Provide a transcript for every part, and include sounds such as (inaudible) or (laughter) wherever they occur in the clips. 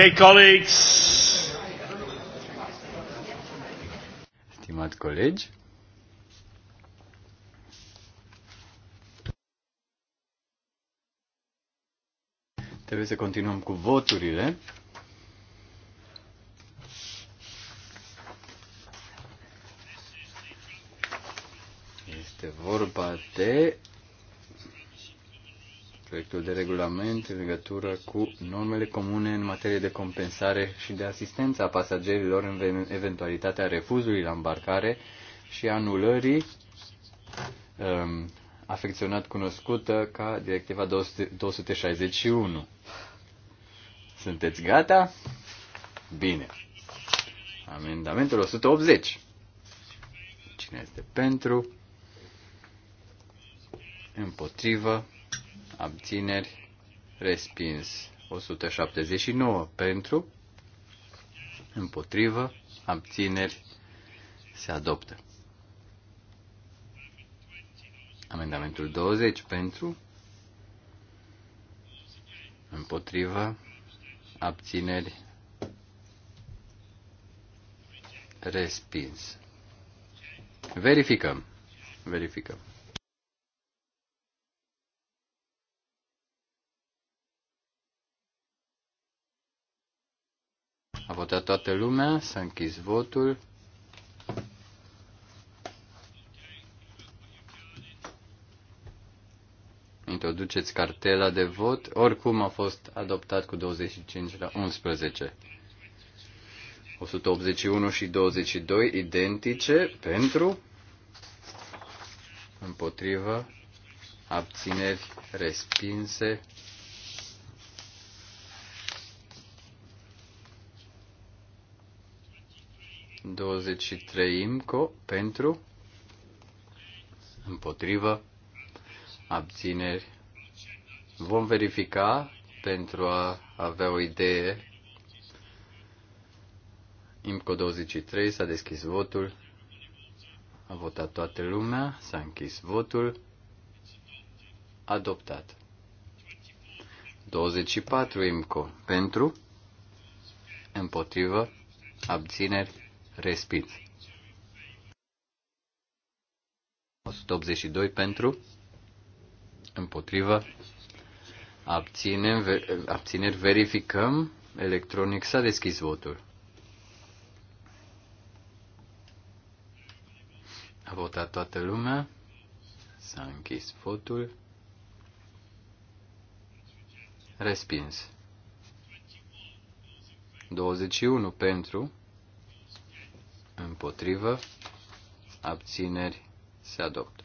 Okay, colleagues. Stimați colegi, trebuie să continuăm cu voturile. Este vorba de proiectul de regulament în legătură cu normele comune în materie de compensare și de asistență a pasagerilor în eventualitatea refuzului la îmbarcare și anulării um, afecționat cunoscută ca Directiva 261. Sunteți gata? Bine. Amendamentul 180. Cine este pentru? Împotrivă? abțineri, respins. 179 pentru, împotrivă, abțineri, se adoptă. Amendamentul 20 pentru, împotrivă, abțineri, respins. Verificăm. Verificăm. A votat toată lumea, s-a închis votul. Introduceți cartela de vot. Oricum a fost adoptat cu 25 la 11. 181 și 22 identice pentru împotrivă abțineri respinse 23 IMCO pentru, împotrivă, abțineri. Vom verifica pentru a avea o idee. IMCO 23 s-a deschis votul. A votat toată lumea, s-a închis votul. Adoptat. 24 IMCO pentru, împotrivă, abțineri respins. 182 pentru, împotrivă, abținem, ver, abțineri, verificăm, electronic s-a deschis votul. A votat toată lumea, s-a închis votul, respins. 21 pentru, Împotrivă. Abțineri. Se adoptă.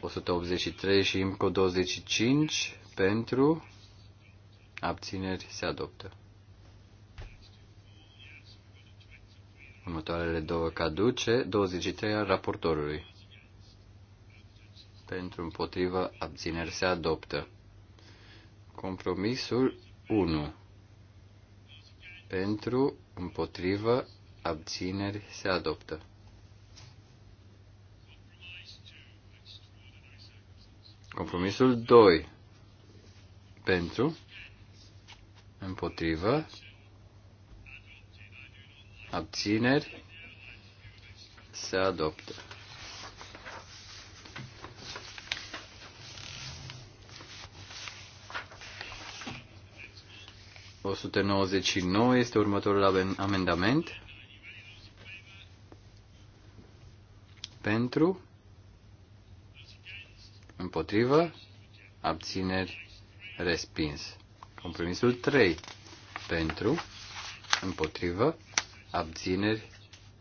183 și IMCO 25 pentru abțineri se adoptă. Următoarele două caduce, 23 al raportorului. Pentru împotrivă abțineri se adoptă. Compromisul 1. Pentru împotrivă, abțineri, se adoptă. Compromisul 2. Pentru, împotrivă, abțineri, se adoptă. 199 este următorul amendament. Pentru, împotrivă, abțineri, respins. Compromisul 3. Pentru, împotrivă, abțineri,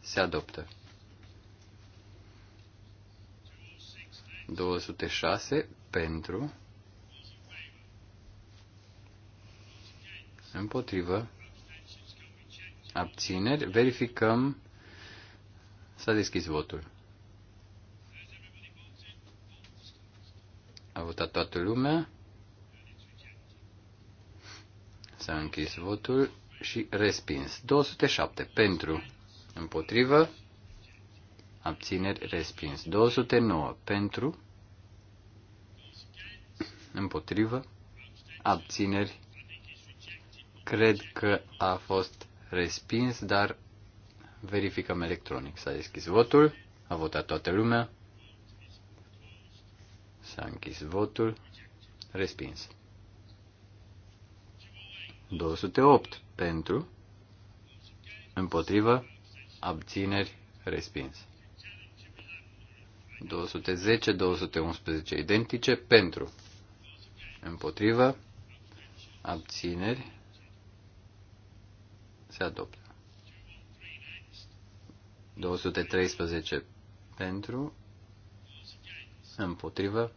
se adoptă. 206 pentru Împotrivă. Abțineri. Verificăm. S-a deschis votul. A votat toată lumea. S-a închis votul și respins. 207 pentru, împotrivă, abțineri, respins. 209 pentru, împotrivă, abțineri, Cred că a fost respins, dar verificăm electronic. S-a deschis votul, a votat toată lumea, s-a închis votul, respins. 208 pentru, împotrivă, abțineri, respins. 210, 211 identice pentru, împotrivă, abțineri, se adoptă. 213 pentru, împotrivă,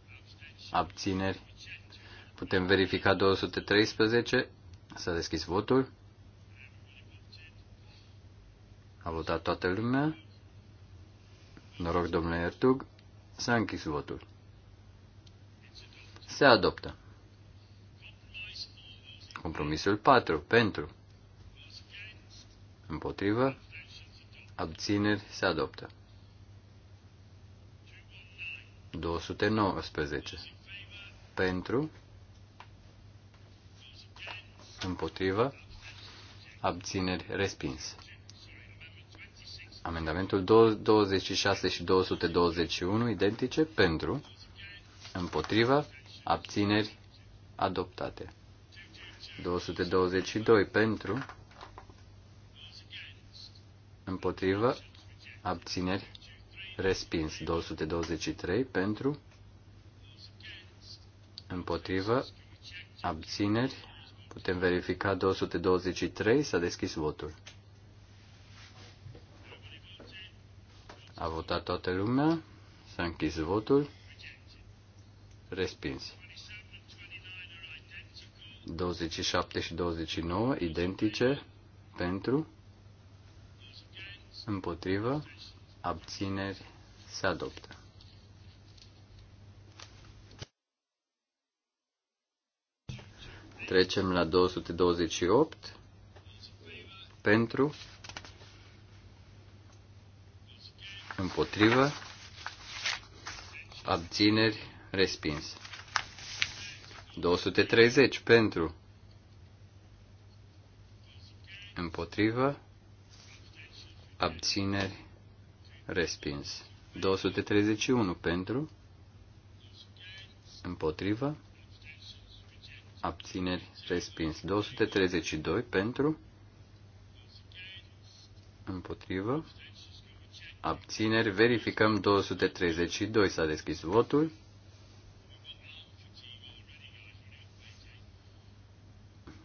abțineri. Putem verifica 213. S-a deschis votul. A votat toată lumea. Noroc, domnule Ertug. S-a închis votul. Se adoptă. Compromisul 4. Pentru. Împotrivă. Abțineri se adoptă. 219. Pentru. Împotrivă. Abțineri respins. Amendamentul 26 și 221 identice pentru, împotriva, abțineri adoptate. 222 pentru, împotrivă, abțineri, respins. 223 pentru, împotrivă, abțineri, putem verifica 223, s-a deschis votul. A votat toată lumea, s-a închis votul, respins. 27 și 29 identice pentru împotrivă, abțineri, se adoptă. Trecem la 228 pentru împotrivă, abțineri, respins. 230 pentru împotrivă, abțineri, respins. 231 pentru, împotrivă, abțineri, respins. 232 pentru, împotrivă, abțineri, verificăm 232, s-a deschis votul.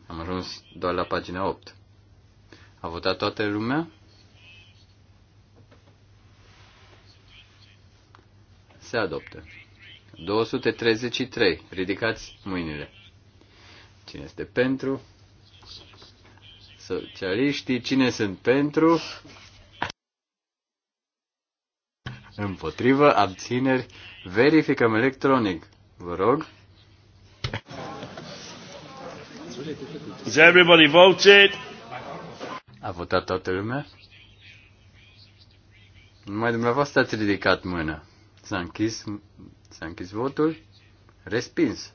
Am ajuns doar la pagina 8. A votat toată lumea? Se adoptă. 233. Ridicați mâinile. Cine este pentru? Socialiștii. Cine sunt pentru? Împotrivă, abțineri, verificăm electronic. Vă rog. Is everybody voted? A votat toată lumea? Numai dumneavoastră ați ridicat mâna. S-a închis, s-a închis votul. Respins.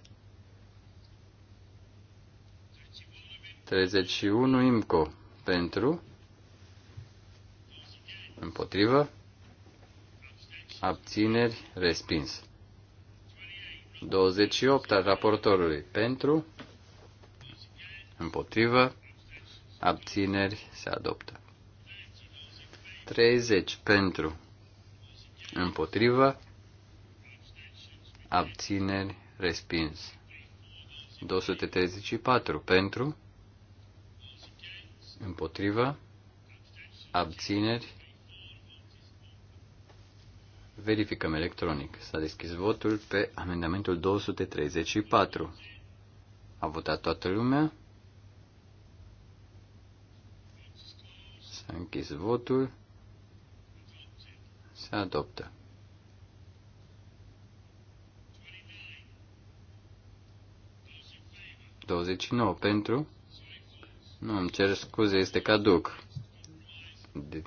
31 IMCO pentru. Împotrivă. Abțineri. Respins. 28 al raportorului pentru. Împotrivă. Abțineri. Se adoptă. 30 pentru împotrivă, abțineri, respins. 234 pentru, împotrivă, abțineri, verificăm electronic. S-a deschis votul pe amendamentul 234. A votat toată lumea. S-a închis votul. Se adoptă. 29 pentru. Nu, îmi cer scuze, este caduc. De,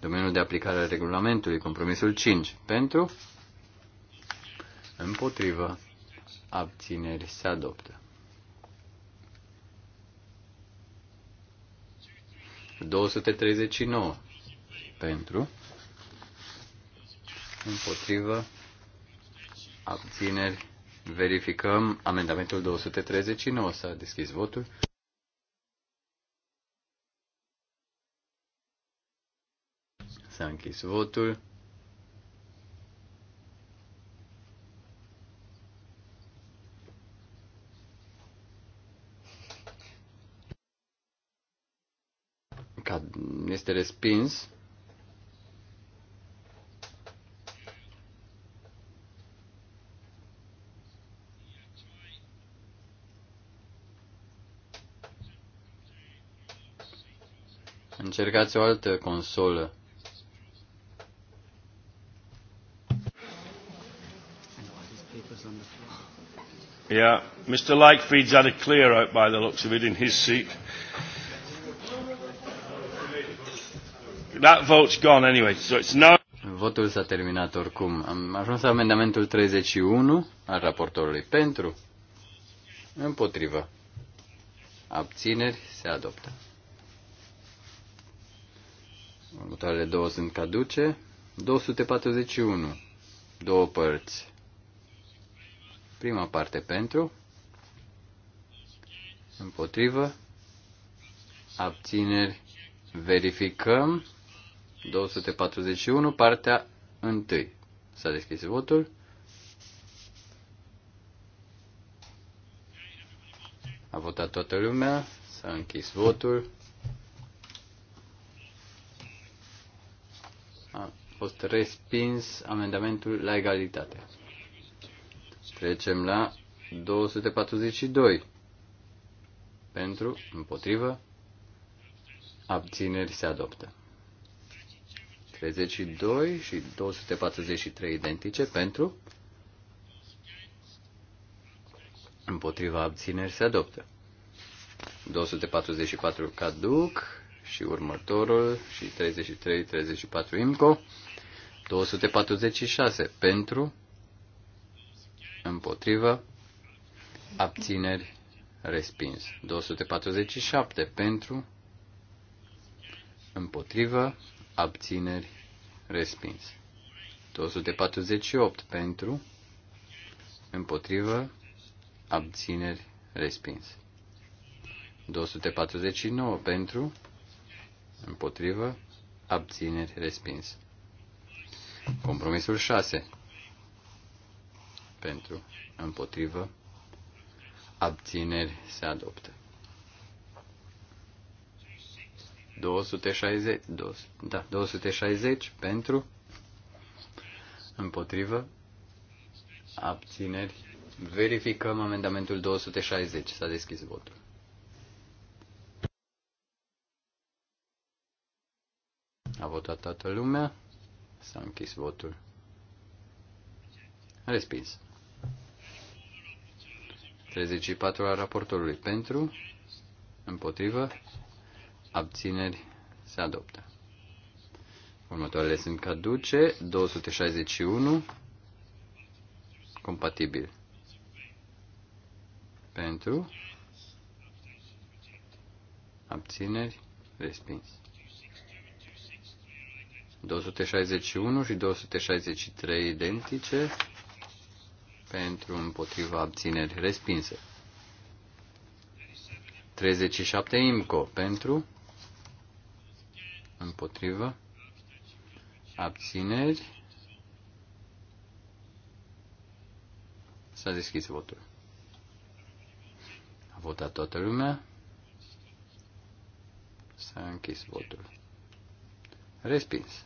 domeniul de aplicare al regulamentului, compromisul 5. Pentru. Împotrivă. Abțineri se adoptă. 239 pentru împotrivă, abțineri, verificăm amendamentul 239. S-a deschis votul. S-a închis votul. Este respins. încercați o altă consolă. Yeah, Mr. Lightfeed's had a clear out by the looks of it in his seat. That vote's gone anyway, so it's no. Votul s-a terminat oricum. Am ajuns la amendamentul 31 al raportorului pentru, împotrivă, abțineri, se adoptă. Următoarele două sunt caduce. 241. Două părți. Prima parte pentru. Împotrivă. Abțineri. Verificăm. 241, partea 1. S-a deschis votul. A votat toată lumea, s-a închis votul. fost respins amendamentul la egalitate. Trecem la 242. Pentru, împotrivă, abțineri se adoptă. 32 și 243 identice pentru, împotriva abțineri se adoptă. 244 caduc și următorul și 33-34 IMCO 246 pentru, împotrivă, abțineri, respins. 247 pentru, împotrivă, abțineri, respins. 248 pentru, împotrivă, abțineri, respins. 249 pentru, împotrivă, abțineri, respins. Compromisul 6. Pentru, împotrivă, abțineri se adoptă. 260, 200, da, 260 pentru, împotrivă, abțineri. Verificăm amendamentul 260. S-a deschis votul. A votat toată lumea. S-a închis votul. Respins. 34 al raportorului pentru, împotrivă, abțineri, se adoptă. Următoarele sunt caduce, 261, compatibil. Pentru, abțineri, respins. 261 și 263 identice pentru împotriva abțineri respinse. 37 IMCO pentru împotriva abțineri S-a deschis votul. A votat toată lumea. S-a închis votul. Respins.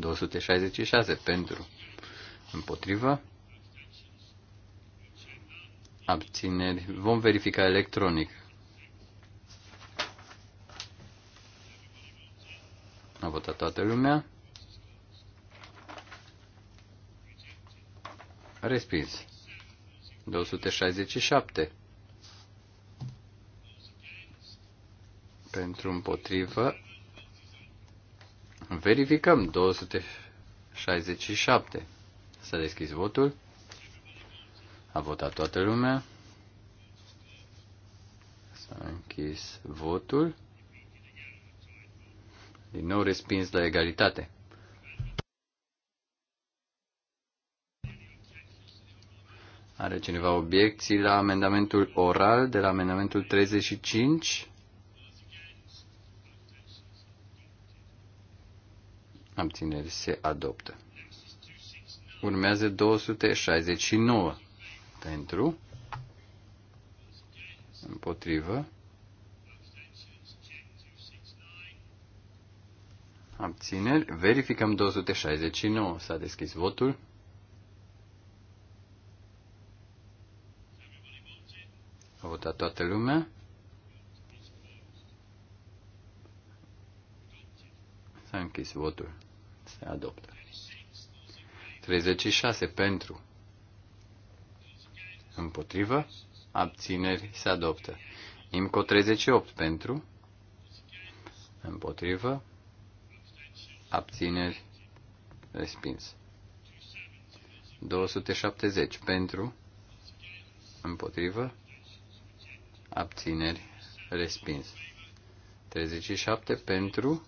266 pentru. Împotrivă. Abțineri. Vom verifica electronic. A votat toată lumea. Respins. 267 pentru împotrivă. Verificăm 267. S-a deschis votul. A votat toată lumea. S-a închis votul. Din nou respins la egalitate. Are cineva obiecții la amendamentul oral de la amendamentul 35? abțineri se adoptă. Urmează 269 pentru, împotrivă, abțineri, verificăm 269, s-a deschis votul. A votat toată lumea. S-a închis votul se adoptă. 36 pentru, împotrivă, abțineri, se adoptă. IMCO 38 pentru, împotrivă, abțineri, respins. 270 pentru, împotrivă, abțineri, respins. 37 pentru,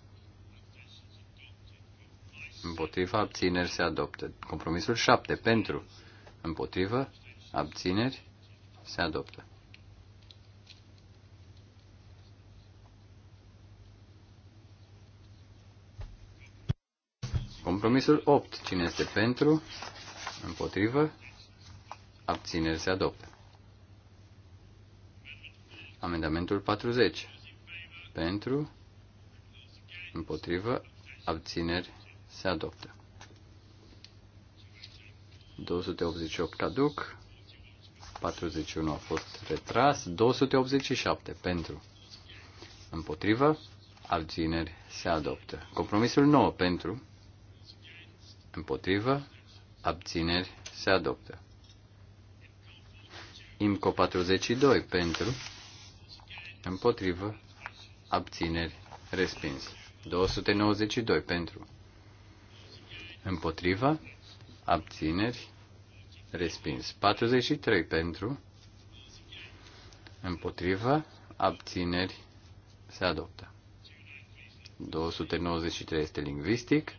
Împotriva abțineri se adoptă. Compromisul 7 pentru, împotrivă, abțineri se adoptă. Compromisul 8. Cine este pentru, împotrivă, abțineri se adoptă. Amendamentul 40. Pentru, împotrivă, abțineri se adoptă. 288 caduc, 41 a fost retras, 287 pentru, împotrivă, abțineri se adoptă. Compromisul 9 pentru, împotrivă, abțineri se adoptă. IMCO 42 pentru, împotrivă, abțineri respins. 292 pentru Împotriva. Abțineri. Respins. 43 pentru. Împotriva. Abțineri. Se adoptă. 293 este lingvistic.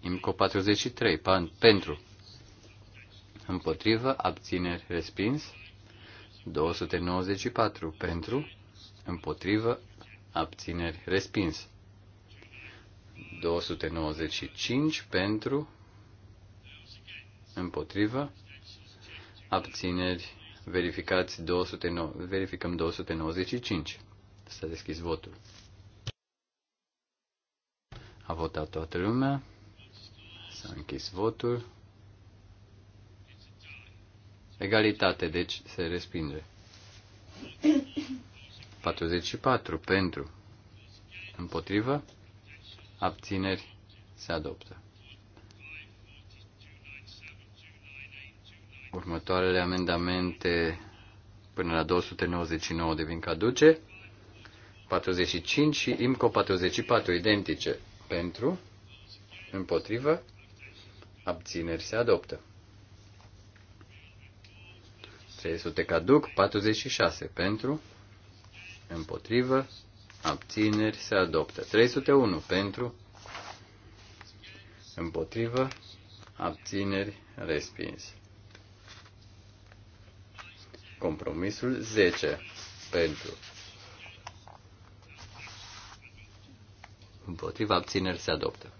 IMCO 43. Pan, pentru. Împotrivă. Abțineri. Respins. 294 pentru. Împotrivă. Abțineri. Respins. 295 pentru, împotrivă, abțineri, verificați 209, verificăm 295. S-a deschis votul. A votat toată lumea. S-a închis votul. Egalitate, deci se respinge. 44 (clears throat) pentru. Împotrivă abțineri, se adoptă. Următoarele amendamente până la 299 devin caduce, 45 și IMCO 44 identice pentru, împotrivă, abțineri se adoptă. 300 caduc, 46 pentru, împotrivă, abțineri se adoptă. 301 pentru, împotrivă, abțineri respins. Compromisul 10 pentru, împotrivă, abțineri se adoptă.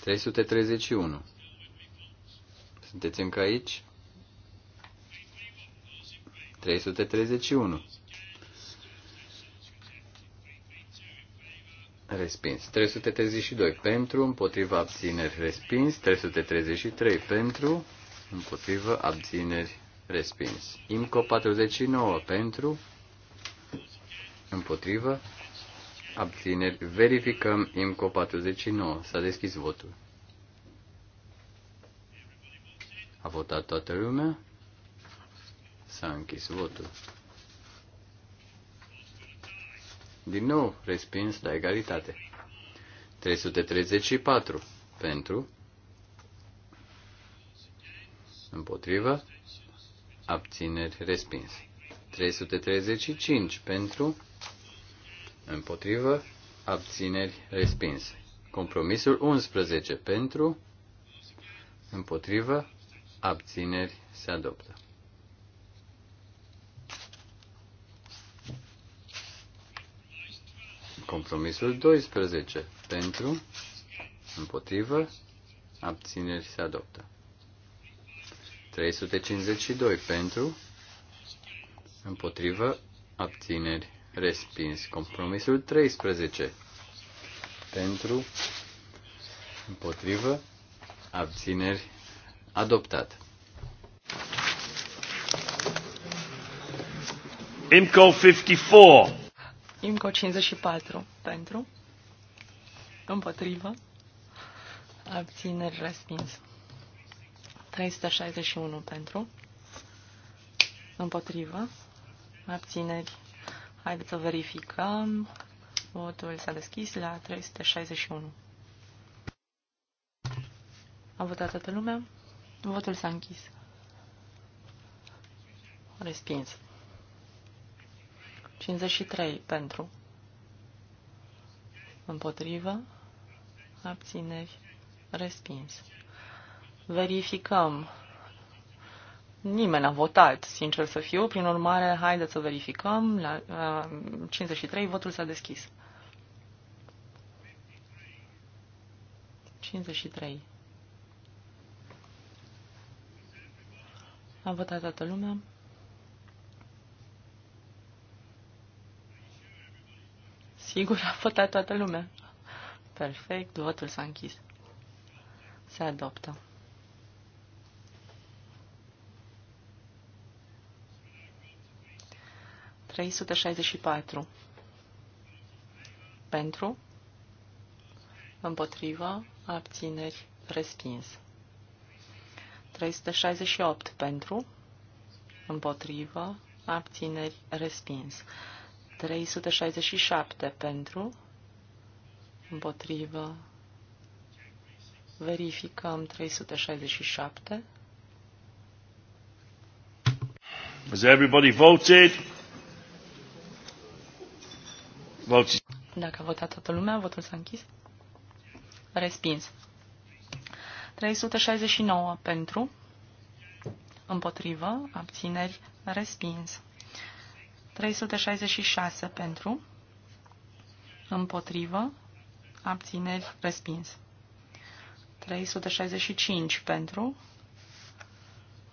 331. Sunteți încă aici? 331. Respins. 332 pentru, împotriva abțineri, respins. 333 pentru, împotriva abțineri, respins. IMCO 49 pentru, împotriva abțineri. Verificăm IMCO 49. S-a deschis votul. A votat toată lumea. S-a închis votul. Din nou respins la egalitate. 334 pentru. Împotrivă. Abțineri respins. 335 pentru. Împotrivă. Abțineri respins. Compromisul 11 pentru. Împotrivă. Abțineri se adoptă. Compromisul 12. Pentru, împotrivă, abțineri se adoptă. 352. Pentru, împotrivă, abțineri, respins. Compromisul 13. Pentru, împotrivă, abțineri, adoptat. IMCO 54. IMCO 54 pentru, împotrivă, abțineri respins. 361 pentru, împotrivă, abțineri. Haideți să verificăm. Votul s-a deschis la 361. A votat toată lumea? Votul s-a închis. Respins. 53 pentru. Împotrivă. Abțineri. Respins. Verificăm. Nimeni n-a votat, sincer să fiu. Prin urmare, haideți să verificăm. La, 53 votul s-a deschis. 53. A votat toată lumea. Sigur, a votat toată lumea. Perfect, votul s-a închis. Se adoptă. patru. Pentru. Împotriva. Abțineri. Respins. 368 pentru, împotrivă, abțineri, respins. 367 pentru, împotrivă, verificăm 367. Has everybody voted? Vote. Dacă a votat toată lumea, votul s-a închis. Respins. 369 pentru, împotrivă, abțineri, respins. 366 pentru, împotrivă, abțineri, respins. 365 pentru,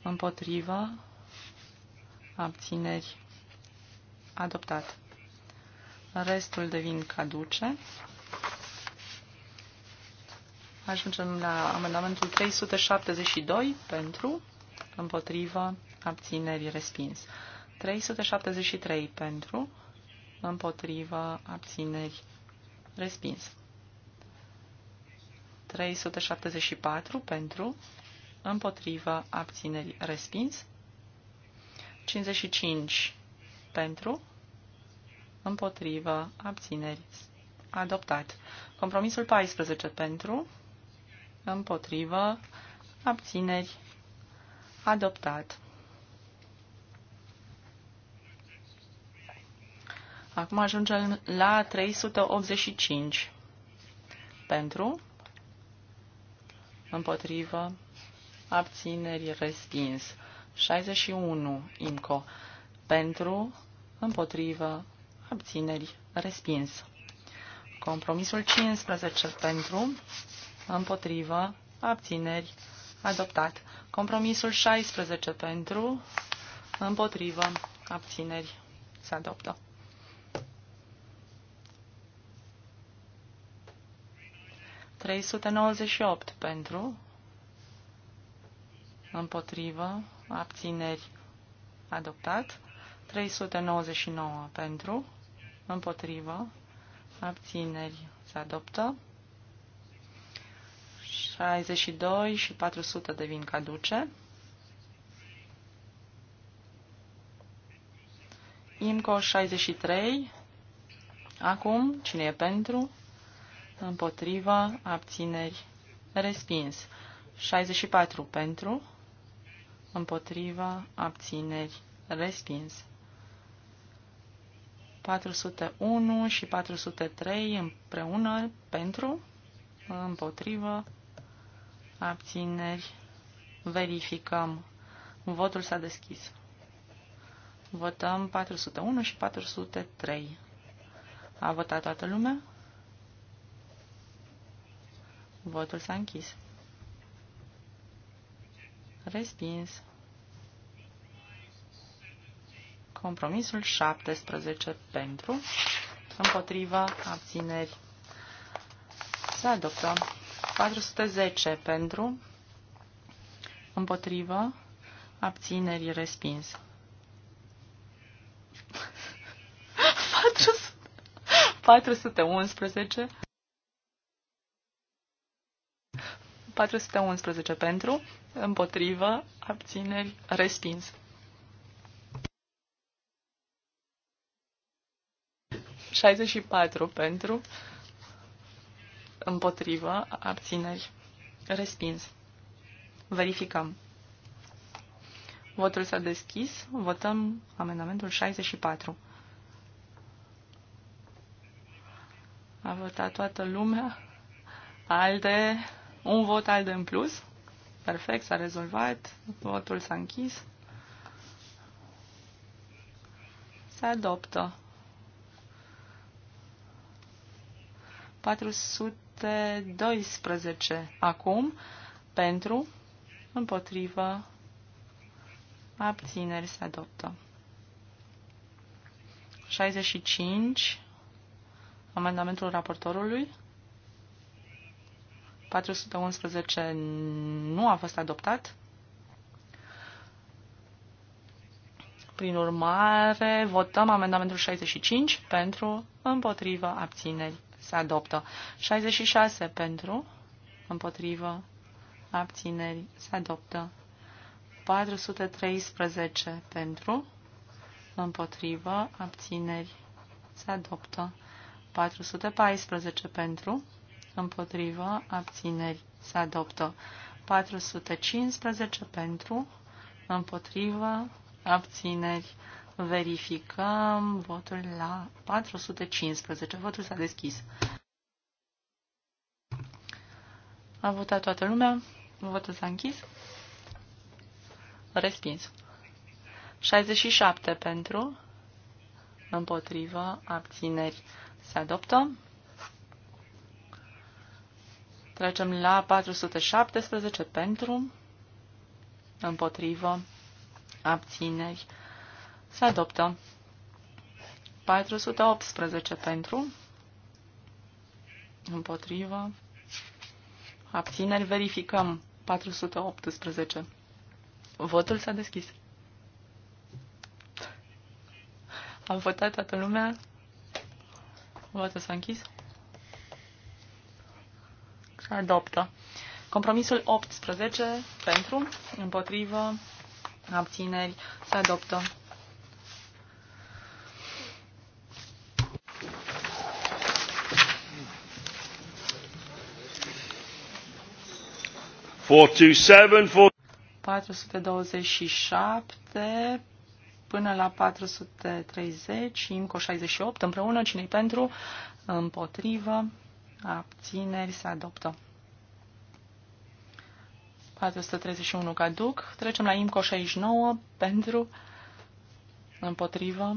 împotrivă, abțineri, adoptat. Restul devin caduce. Ajungem la amendamentul 372 pentru, împotrivă, abțineri, respins. 373 pentru, împotriva, abțineri, respins. 374 pentru, împotriva, abțineri, respins. 55 pentru, împotriva, abțineri, adoptat. Compromisul 14 pentru, împotrivă, abțineri, adoptat. Acum ajungem la 385. Pentru, împotrivă, abțineri, respins. 61, IMCO. Pentru, împotrivă, abțineri, respins. Compromisul 15 pentru, împotrivă, abțineri, adoptat. Compromisul 16 pentru, împotrivă, abțineri, se adoptă. 398 pentru, împotrivă, abțineri, adoptat. 399 pentru, împotrivă, abțineri, se adoptă. 62 și 400 devin caduce. IMCO 63. Acum, cine e pentru? împotriva, abțineri, respins. 64 pentru, împotriva, abțineri, respins. 401 și 403 împreună pentru, împotrivă, abțineri, verificăm. Votul s-a deschis. Votăm 401 și 403. A votat toată lumea? Votul s-a închis. Respins. Compromisul 17 pentru, împotriva, abțineri. Se adoptă. 410 pentru, împotrivă, abțineri, respins. 411 (laughs) 411 pentru, împotrivă, abțineri, respins. 64 pentru, împotrivă, abțineri, respins. Verificăm. Votul s-a deschis. Votăm amendamentul 64. A votat toată lumea. Alde un vot al de în plus. Perfect, s-a rezolvat. Votul s-a închis. Se adoptă. 412 acum pentru, împotrivă, abțineri se adoptă. 65 amendamentul raportorului 411 nu a fost adoptat. Prin urmare, votăm amendamentul 65 pentru, împotrivă, abțineri. Se adoptă. 66 pentru, împotrivă, abțineri. Se adoptă. 413 pentru, împotrivă, abțineri. Se adoptă. 414 pentru, împotrivă, abțineri, se adoptă. 415 pentru, împotrivă, abțineri, verificăm votul la 415. Votul s-a deschis. A votat toată lumea, votul s-a închis, respins. 67 pentru, împotrivă, abțineri, se adoptă. Trecem la 417 pentru, împotrivă, abțineri, se adoptă. 418 pentru, împotrivă, abțineri, verificăm. 418. Votul s-a deschis. am votat toată lumea. Votul s-a închis se adoptă. Compromisul 18 pentru, împotrivă, abțineri, se adoptă. Four two seven four. 427 până la 430, și 68, împreună, cine pentru, împotrivă, abțineri, se adoptă. 431 caduc. Trecem la IMCO 69 pentru, împotrivă,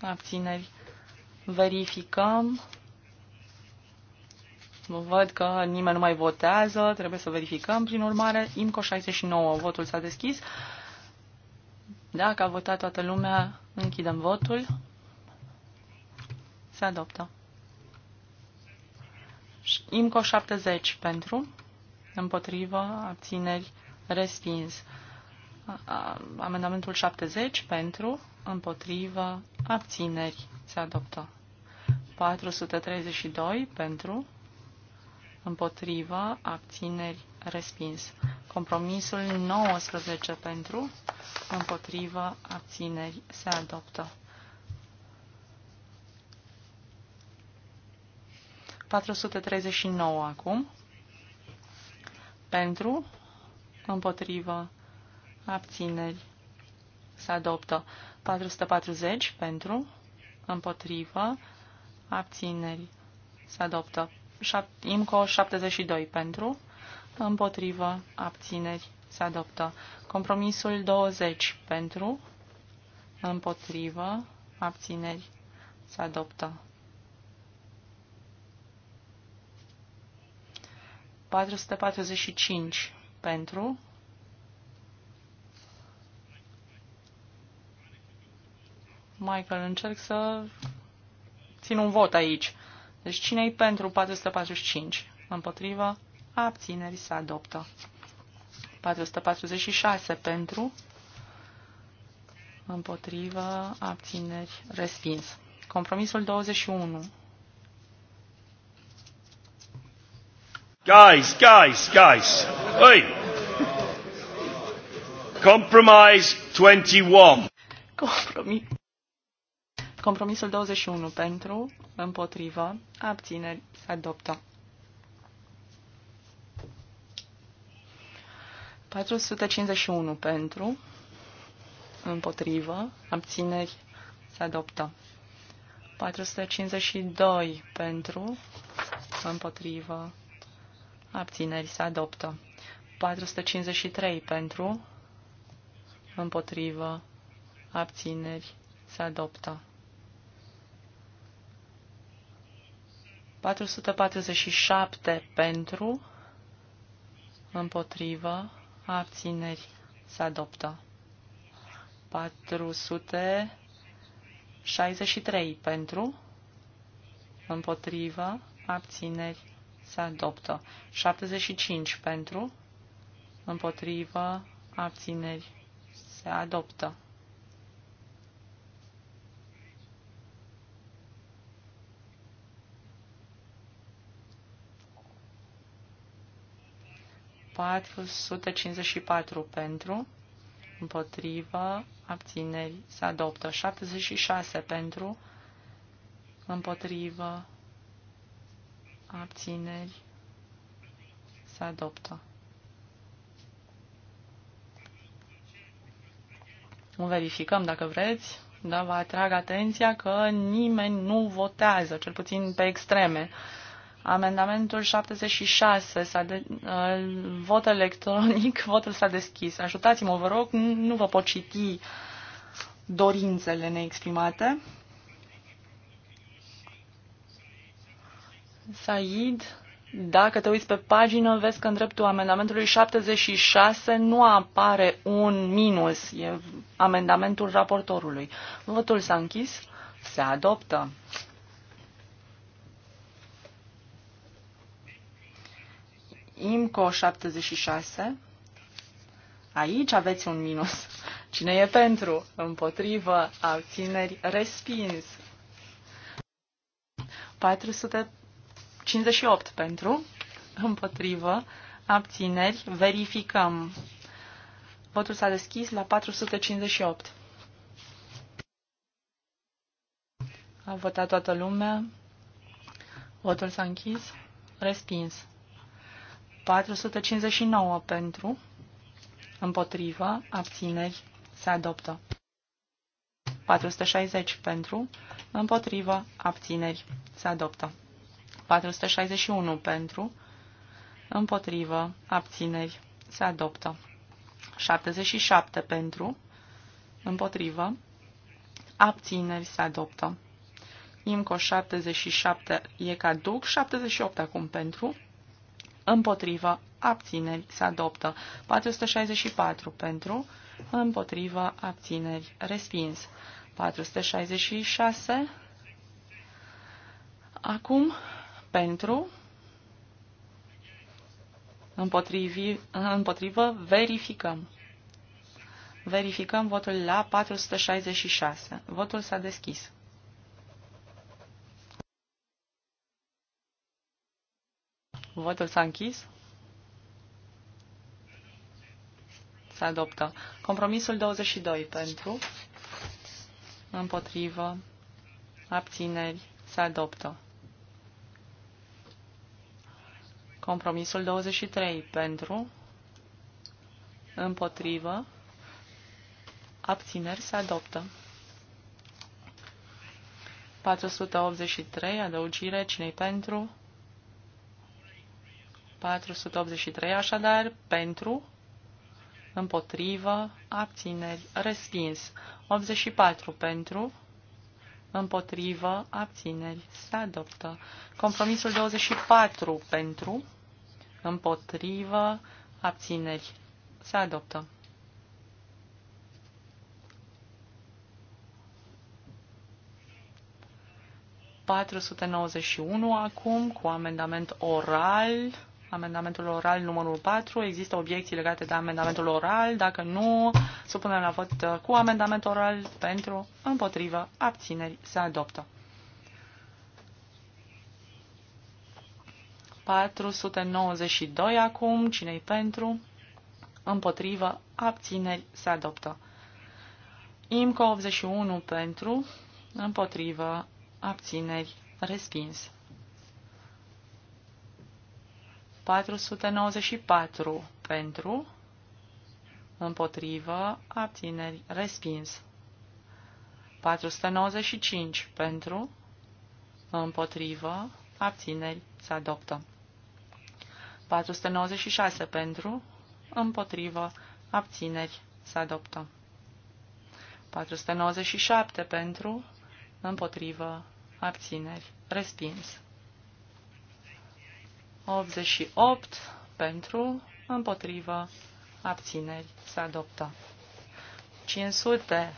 abțineri. Verificăm. Văd că nimeni nu mai votează, trebuie să verificăm. Prin urmare, IMCO 69, votul s-a deschis. Dacă a votat toată lumea, închidem votul. Se adoptă. IMCO 70 pentru, împotrivă, abțineri, respins. Amendamentul 70 pentru, împotrivă, abțineri, se adoptă. 432 pentru, împotrivă, abțineri, respins. Compromisul 19 pentru, împotrivă, abțineri, se adoptă. 439 acum. Pentru, împotrivă, abțineri, se adoptă. 440 pentru, împotrivă, abțineri, se adoptă. IMCO 72 pentru, împotrivă, abțineri, se adoptă. Compromisul 20 pentru, împotrivă, abțineri, se adoptă. 445 pentru, Michael, încerc să țin un vot aici. Deci cine-i pentru 445? Împotriva? Abțineri se adoptă. 446 pentru. Împotriva? Abțineri respins. Compromisul 21 Guys, guys, guys. Oi! Compromise 21. Compromis. Compromisul 21 pentru, împotriva, abțineri, se adoptă. 451 pentru, împotrivă, abțineri, se adoptă. 452 pentru, împotrivă, Abțineri se adoptă. 453 pentru. Împotrivă. Abțineri se adoptă. 447 pentru. Împotrivă. Abțineri se adoptă. 463 pentru. Împotrivă. Abțineri se adoptă. 75 pentru, împotrivă, abțineri, se adoptă. patru pentru, împotrivă, abțineri, se adoptă. 76 pentru, împotrivă, abțineri, se adoptă. Nu verificăm dacă vreți, dar vă atrag atenția că nimeni nu votează, cel puțin pe extreme. Amendamentul 76, s-a de, uh, vot electronic, (laughs) votul s-a deschis. Ajutați-mă, vă rog, nu vă pot citi dorințele neexprimate. Said, dacă te uiți pe pagină, vezi că în dreptul amendamentului 76 nu apare un minus. E amendamentul raportorului. Votul s-a închis. Se adoptă. IMCO 76. Aici aveți un minus. Cine e pentru? Împotrivă, abțineri, respins. 400 58 pentru, împotrivă, abțineri, verificăm. Votul s-a deschis la 458. A votat toată lumea. Votul s-a închis. Respins. 459 pentru, împotrivă, abțineri, se adoptă. 460 pentru, împotrivă, abțineri, se adoptă. 461 pentru, împotrivă, abțineri, se adoptă. 77 pentru, împotrivă, abțineri, se adoptă. IMCO 77 e caduc, 78 acum pentru, împotrivă, abțineri, se adoptă. 464 pentru, împotrivă, abțineri, respins. 466 Acum pentru, împotrivi, împotrivă, verificăm. Verificăm votul la 466. Votul s-a deschis. Votul s-a închis. Se adoptă. Compromisul 22 pentru, împotrivă, abțineri, se adoptă. Compromisul 23 pentru, împotrivă, abțineri se adoptă. 483, adăugire, cine pentru? 483, așadar, pentru, împotrivă, abțineri, respins. 84 pentru, împotrivă, abțineri, se adoptă. Compromisul 24 pentru, împotrivă, abțineri, se adoptă. ...491 acum, cu amendament oral amendamentul oral numărul 4. Există obiecții legate de amendamentul oral. Dacă nu, supunem la vot uh, cu amendamentul oral pentru, împotrivă, abțineri, se adoptă. 492 acum, cine-i pentru, împotrivă, abțineri, se adoptă. IMCO 81 pentru, împotrivă, abțineri, respins. 494 pentru, împotrivă, abțineri, respins. 495 pentru, împotrivă, abțineri, se adoptă. 496 pentru, împotrivă, abțineri, se adoptă. 497 pentru, împotrivă, abțineri, respins. 88 pentru, împotrivă, abțineri, se adoptă. 500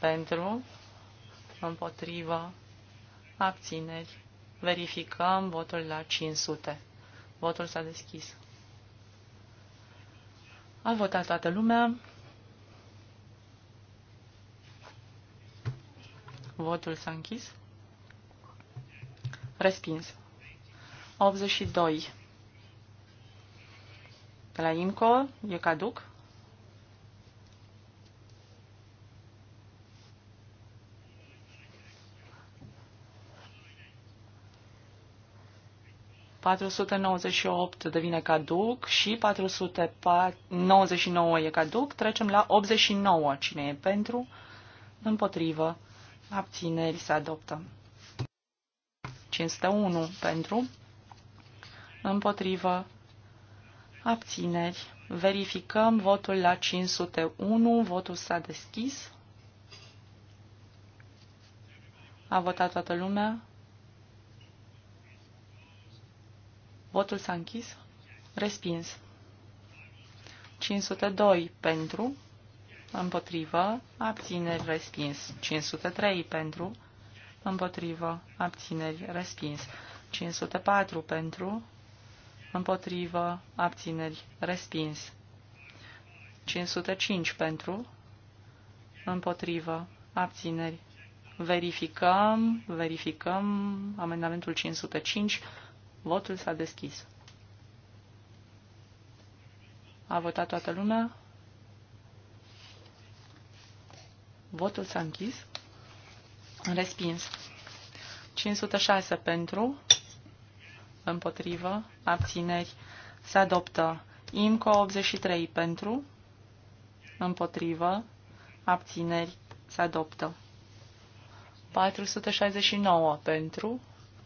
pentru, împotrivă, abțineri. Verificăm votul la 500. Votul s-a deschis. A votat toată lumea. Votul s-a închis. Respins. 82. De la IMCO e caduc. ...498 devine caduc și 499 e caduc. Trecem la 89. Cine e pentru? Împotrivă. Abțineri se adoptă. 501 pentru împotrivă, abțineri. Verificăm votul la 501, votul s-a deschis. A votat toată lumea. Votul s-a închis. Respins. 502 pentru, împotrivă, abțineri, respins. 503 pentru, împotrivă, abțineri, respins. 504 pentru, împotrivă, abțineri, respins. 505 pentru, împotrivă, abțineri. Verificăm, verificăm amendamentul 505, votul s-a deschis. A votat toată lumea? Votul s-a închis. Respins. 506 pentru, împotrivă, abțineri, se adoptă. IMCO 83 pentru, împotrivă, abțineri, se adoptă. 469 pentru,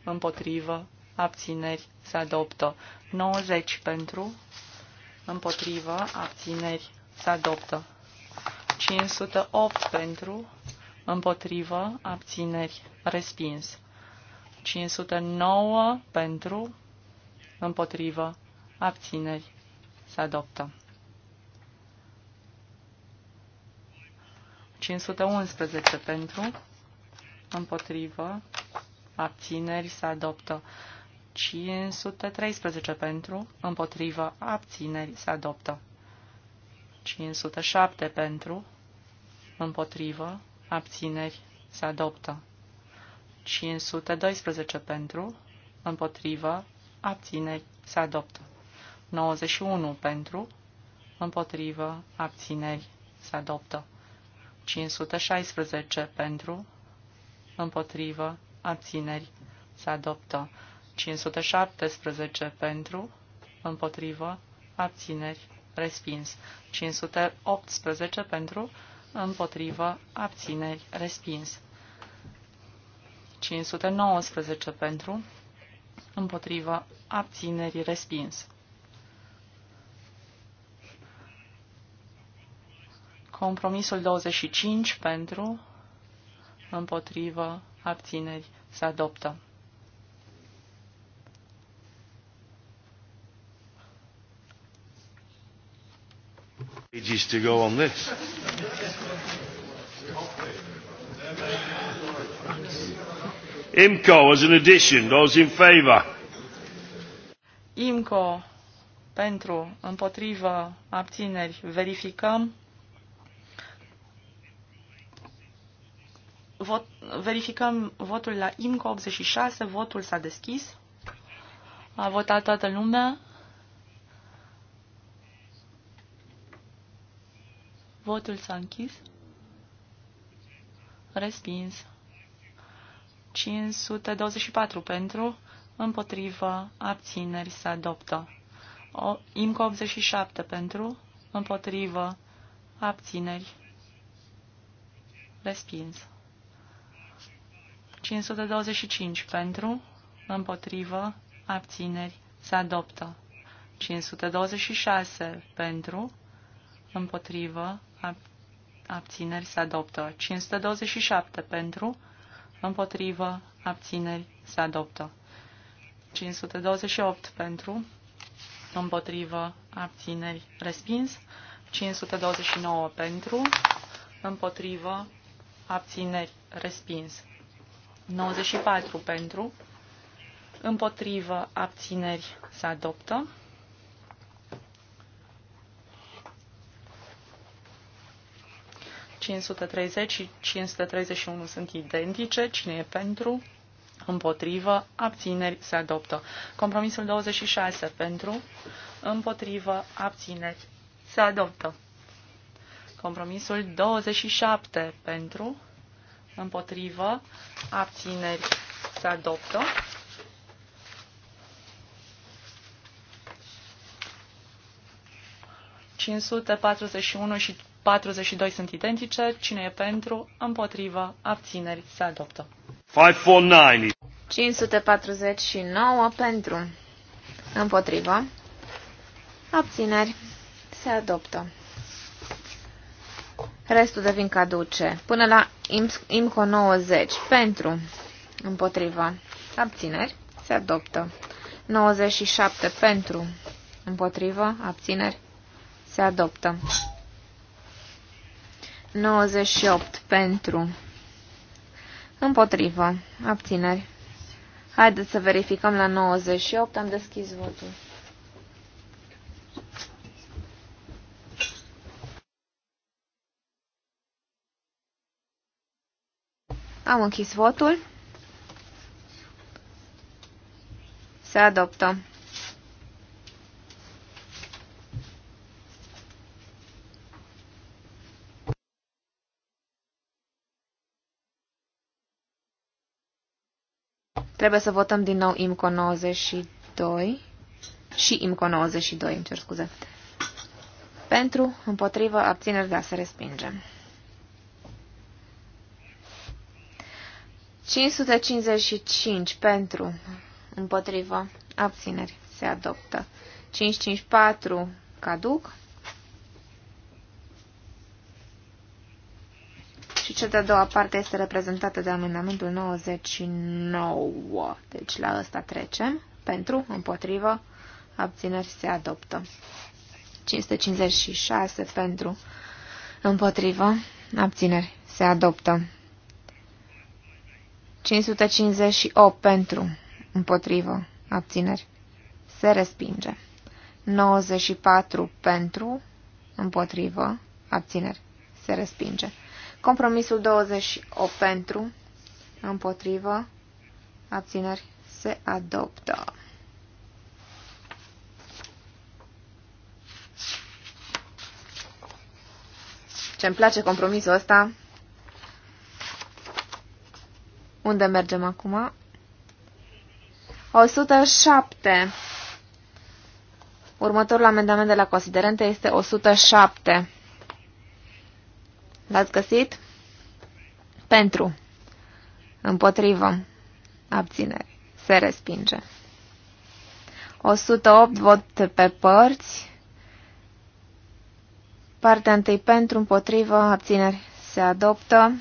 împotrivă, abțineri, se adoptă. 90 pentru, împotrivă, abțineri, se adoptă. 508 pentru, împotrivă, abțineri, respins. 509 pentru, împotrivă, abțineri, se adoptă. 511 pentru, împotrivă, abțineri, se adoptă. 513 pentru, împotrivă, abțineri, se adoptă. 507 pentru, împotrivă, abțineri, se adoptă. 512 pentru, împotrivă, abțineri, se adoptă. 91 pentru, împotrivă, abțineri, se adoptă. 516 pentru, împotrivă, abțineri, se adoptă. 517 pentru, împotrivă, abțineri, respins. 518 pentru, împotrivă, abțineri, respins. 519 pentru, împotriva abținerii respins. Compromisul 25 pentru, împotriva abținerii se adoptă. to go on this. (laughs) IMCO as an addition. Those in favour. IMCO pentru, împotrivă, abțineri, verificăm. Vot, verificăm votul la IMCO 86, votul s-a deschis. A votat toată lumea. Votul s-a închis. Respins. 524 pentru, împotrivă, abțineri se adoptă. O, IMCO 87 pentru, împotrivă, abțineri, respins. 525 pentru, împotrivă, abțineri, se adoptă. 526 pentru, împotrivă, ab, abțineri, se adoptă. 527 pentru, împotrivă, abțineri, se adoptă. 528 pentru, împotrivă, abțineri, respins. 529 pentru, împotrivă, abțineri, respins. 94 pentru, împotrivă, abțineri, se adoptă. 530 și 531 sunt identice. Cine e pentru? Împotrivă. Abțineri. Se adoptă. Compromisul 26 pentru. Împotrivă. Abțineri. Se adoptă. Compromisul 27 pentru. Împotrivă. Abțineri. Se adoptă. ...541 și 42 sunt identice. Cine e pentru? Împotrivă. Abțineri. Se adoptă. 549. 549 pentru. Împotrivă. Abțineri. Se adoptă. Restul devin caduce. Până la IMCO 90. Pentru. Împotrivă. Abțineri. Se adoptă. 97 pentru. Împotrivă. Abțineri. Se adoptă. 98 pentru. Împotrivă. Abțineri. Haideți să verificăm la 98. Am deschis votul. Am închis votul. Se adoptă. Trebuie să votăm din nou IMCO 92 și IMCO 92, îmi cer scuze. Pentru, împotrivă, abțineri, a da, se respinge. 555 pentru, împotrivă, abțineri, se adoptă. 554 caduc. cea de-a doua parte este reprezentată de amendamentul 99. Deci la ăsta trecem. Pentru, împotrivă, abțineri se adoptă. 556 pentru, împotrivă, abțineri se adoptă. 558 pentru, împotrivă, abțineri se respinge. 94 pentru, împotrivă, abțineri se respinge. Compromisul 28 pentru, împotrivă, abțineri, se adoptă. ce îmi place compromisul ăsta. Unde mergem acum? 107. Următorul amendament de la considerente este 107. L-ați găsit? Pentru. Împotrivă. Abținere. Se respinge. 108 vot pe părți. Partea întâi pentru, împotrivă, abțineri. Se adoptă.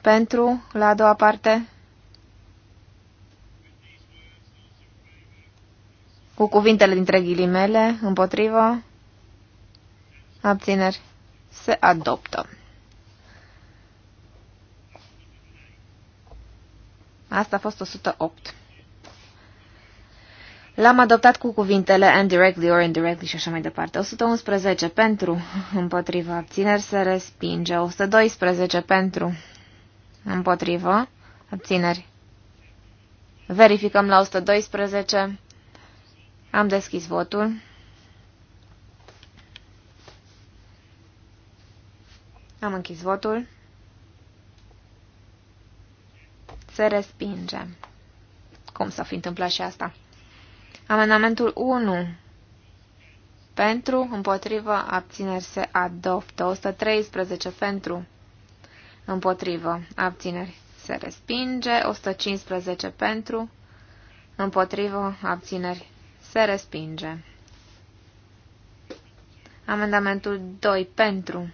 Pentru, la a doua parte. Cu cuvintele dintre ghilimele, împotrivă, abțineri, se adoptă. Asta a fost 108. L-am adoptat cu cuvintele and directly or indirectly și așa mai departe. 111 pentru, împotriva, abțineri se respinge. 112 pentru, împotrivă, abțineri. Verificăm la 112. Am deschis votul. Am închis votul. Se respinge. Cum s-a fi întâmplat și asta? Amendamentul 1. Pentru, împotrivă, abțineri se adoptă. 113 pentru, împotrivă, abțineri se respinge. 115 pentru, împotrivă, abțineri se respinge. Amendamentul 2 pentru,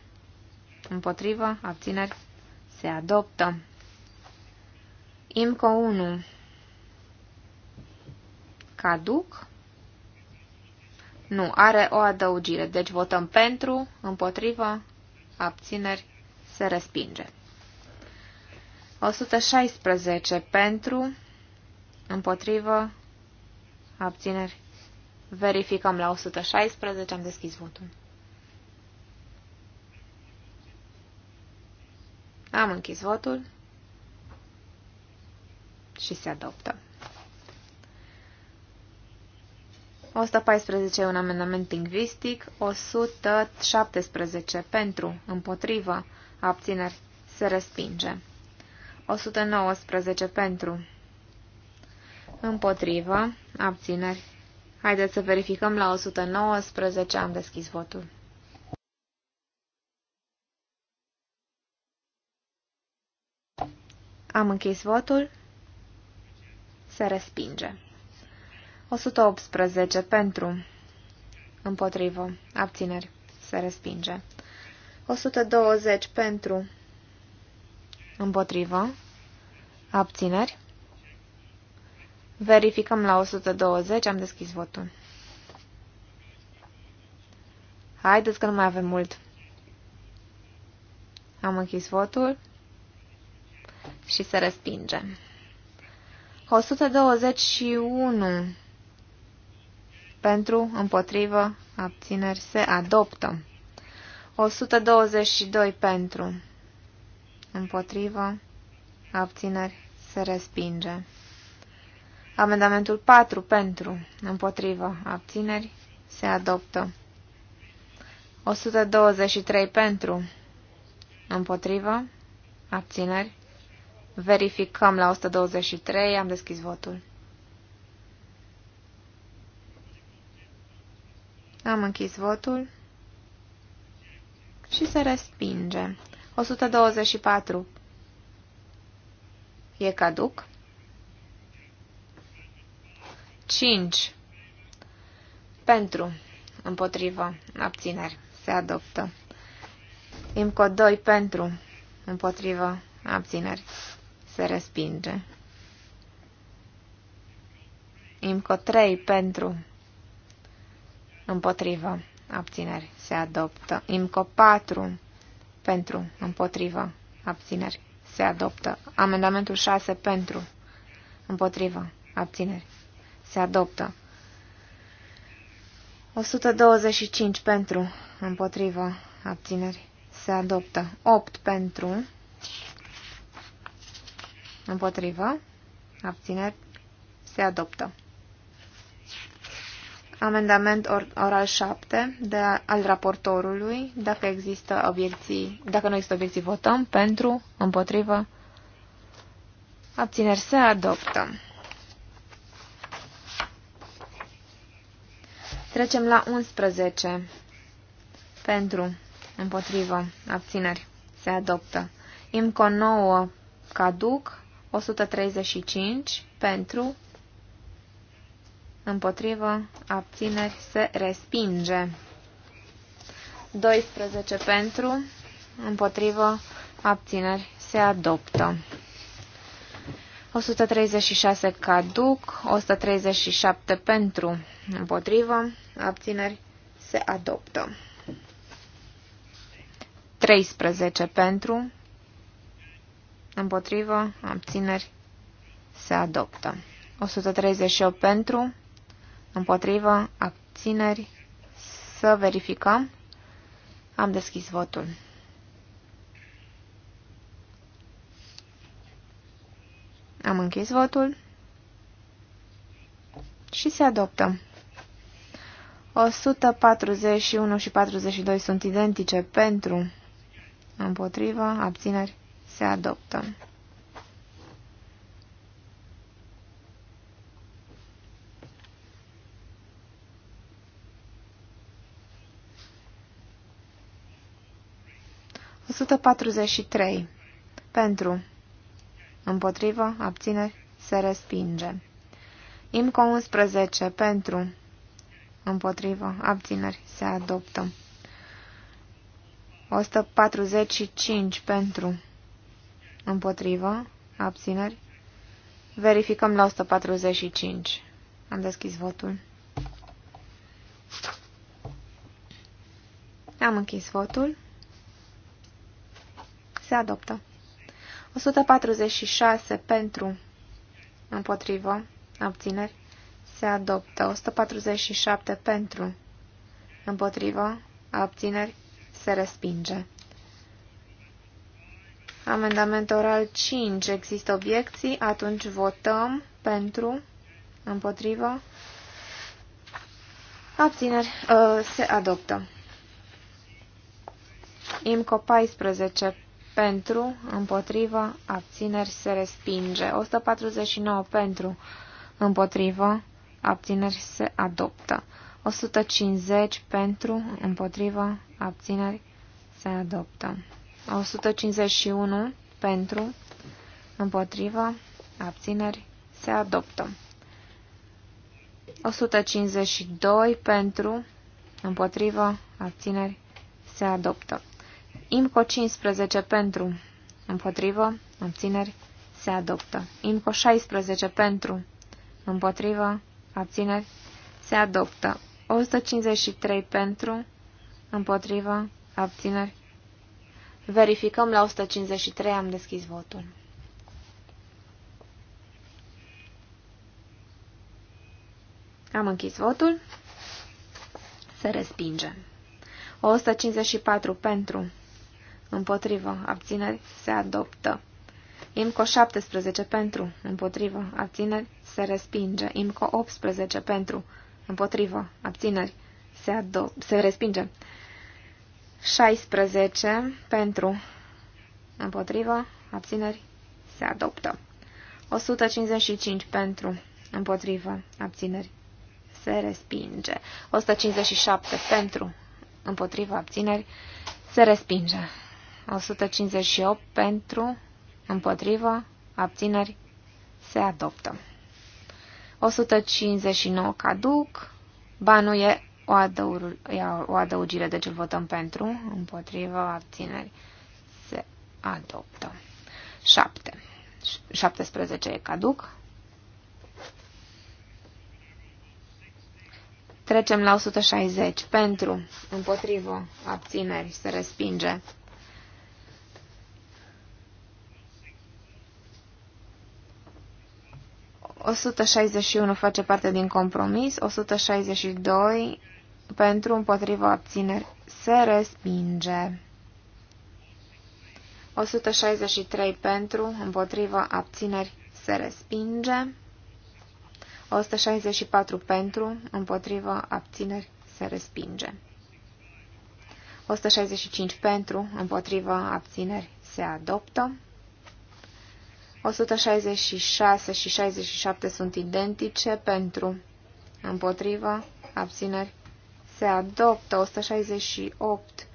Împotrivă. Abțineri. Se adoptă. IMCO 1. Caduc. Nu, are o adăugire. Deci votăm pentru, împotrivă, abțineri, se respinge. 116 pentru, împotrivă, abțineri. Verificăm la 116, am deschis votul. Am închis votul și se adoptă. 114 un amendament lingvistic, 117 pentru, împotrivă, abțineri, se respinge. 119 pentru, împotrivă, abțineri. Haideți să verificăm la 119, am deschis votul. Am închis votul. Se respinge. 118 pentru. Împotrivă. Abțineri. Se respinge. 120 pentru. Împotrivă. Abțineri. Verificăm la 120. Am deschis votul. Haideți că nu mai avem mult. Am închis votul și se respinge. 121 pentru, împotrivă, abțineri se adoptă. 122 pentru, împotrivă, abțineri se respinge. Amendamentul 4 pentru, împotrivă, abțineri se adoptă. 123 pentru, împotrivă, abțineri Verificăm la 123, am deschis votul. Am închis votul și se respinge. 124 e caduc. 5 pentru, împotrivă, abțineri, se adoptă. IMCO 2 pentru, împotrivă, abțineri, se respinge. Imco 3 pentru împotrivă abțineri se adoptă. Imco 4 pentru împotrivă abțineri se adoptă. Amendamentul 6 pentru împotrivă abțineri se adoptă. 125 pentru împotrivă abțineri se adoptă. 8 pentru Împotrivă. Abțineri. Se adoptă. Amendament or, oral 7 de, al raportorului. Dacă există obiecții, dacă nu există obiecții, votăm pentru, împotrivă. Abțineri se adoptă. Trecem la 11. Pentru, împotrivă, abțineri se adoptă. IMCO 9 caduc, 135 pentru, împotrivă, abțineri, se respinge. 12 pentru, împotrivă, abțineri, se adoptă. 136 caduc, 137 pentru, împotrivă, abțineri, se adoptă. 13 pentru, împotrivă, abțineri, se adoptă. 138 pentru, împotrivă, abțineri, să verificăm. Am deschis votul. Am închis votul și se adoptă. 141 și 42 sunt identice pentru, împotrivă, abțineri, se adoptă. trei Pentru Împotrivă, abține, se respinge. Imco 11. Pentru. Împotrivă, abțineri, se adoptă. 145. Pentru. Împotrivă. Abțineri. Verificăm la 145. Am deschis votul. Am închis votul. Se adoptă. 146 pentru. Împotrivă. Abțineri. Se adoptă. 147 pentru. Împotrivă. Abțineri. Se respinge. Amendament oral 5. Există obiecții? Atunci votăm pentru, împotrivă, abțineri, uh, se adoptă. IMCO 14 pentru, împotrivă, abțineri se respinge. 149 pentru, împotrivă, abțineri se adoptă. 150 pentru, împotrivă, abțineri se adoptă. 151 pentru, împotrivă, abțineri, se adoptă. 152 pentru, împotrivă, abțineri, se adoptă. IMCO 15 pentru, împotrivă, abțineri, se adoptă. IMCO 16 pentru, împotrivă, abțineri, se adoptă. 153 pentru, împotrivă, abțineri, Verificăm la 153, am deschis votul. Am închis votul. Se respinge. 154 pentru, împotrivă, abțineri, se adoptă. IMCO 17 pentru, împotrivă, abțineri, se respinge. IMCO 18 pentru, împotrivă, abțineri, se, se respinge. 16 pentru împotrivă, abțineri, se adoptă. 155 pentru împotrivă, abțineri, se respinge. 157 pentru împotrivă, abțineri, se respinge. 158 pentru împotrivă, abțineri, se adoptă. 159 caduc, banul e o, adăur, o adăugire, deci îl votăm pentru, împotrivă, abțineri, se adoptă. 7. 17 e caduc. Trecem la 160. Pentru, împotrivă, abțineri, se respinge. ...161 face parte din compromis, 162 pentru împotriva abțineri se respinge. 163 pentru împotriva abțineri se respinge. 164 pentru împotriva abțineri se respinge. 165 pentru împotriva abțineri se adoptă. 166 și 67 sunt identice pentru împotriva abțineri se adoptă 168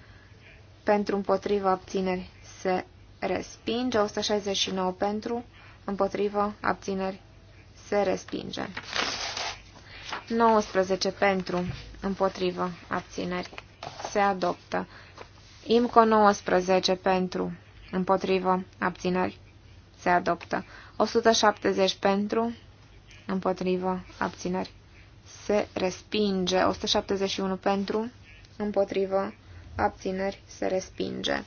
pentru împotriva abțineri se respinge, 169 pentru împotriva abțineri se respinge. 19 pentru împotriva abțineri se adoptă. IMCO 19 pentru împotriva abțineri se adoptă. 170 pentru împotriva abțineri se respinge. 171 pentru, împotrivă, abțineri, se respinge.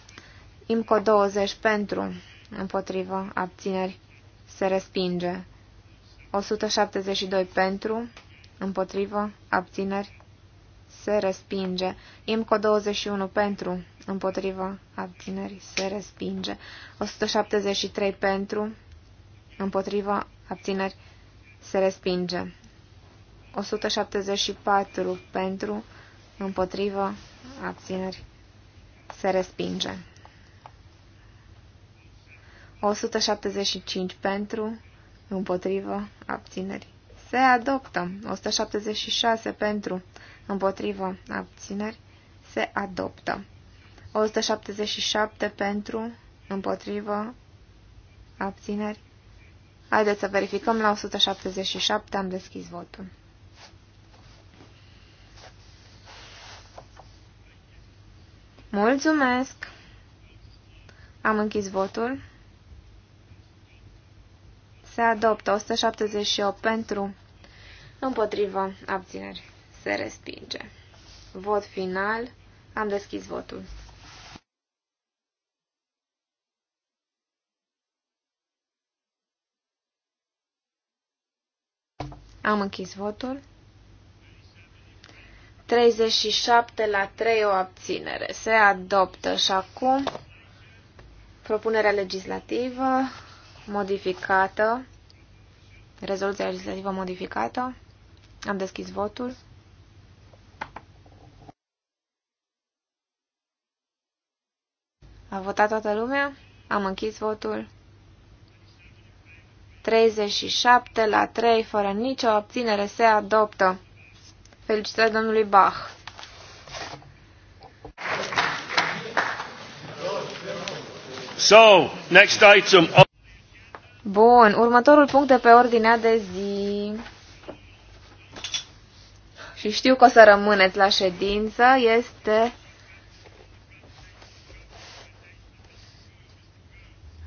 IMCO 20 pentru, împotrivă, abțineri, se respinge. 172 pentru, împotrivă, abțineri, se respinge. IMCO 21 pentru, împotrivă, abțineri, se respinge. 173 pentru, împotrivă, abțineri, se respinge. 174 pentru, împotrivă, abțineri, se respinge. 175 pentru, împotrivă, abțineri. Se adoptă. 176 pentru, împotrivă, abțineri. Se adoptă. 177 pentru, împotrivă, abțineri. Haideți să verificăm la 177, am deschis votul. Mulțumesc! Am închis votul. Se adoptă 178 pentru, împotrivă, abțineri. Se respinge. Vot final. Am deschis votul. Am închis votul. 37 la 3 o abținere. Se adoptă și acum propunerea legislativă modificată, rezoluția legislativă modificată. Am deschis votul. A votat toată lumea? Am închis votul. 37 la 3, fără nicio obținere, se adoptă. Felicitări domnului Bach. So, next item. Bun, următorul punct de pe ordinea de zi. Și știu că o să rămâneți la ședință, este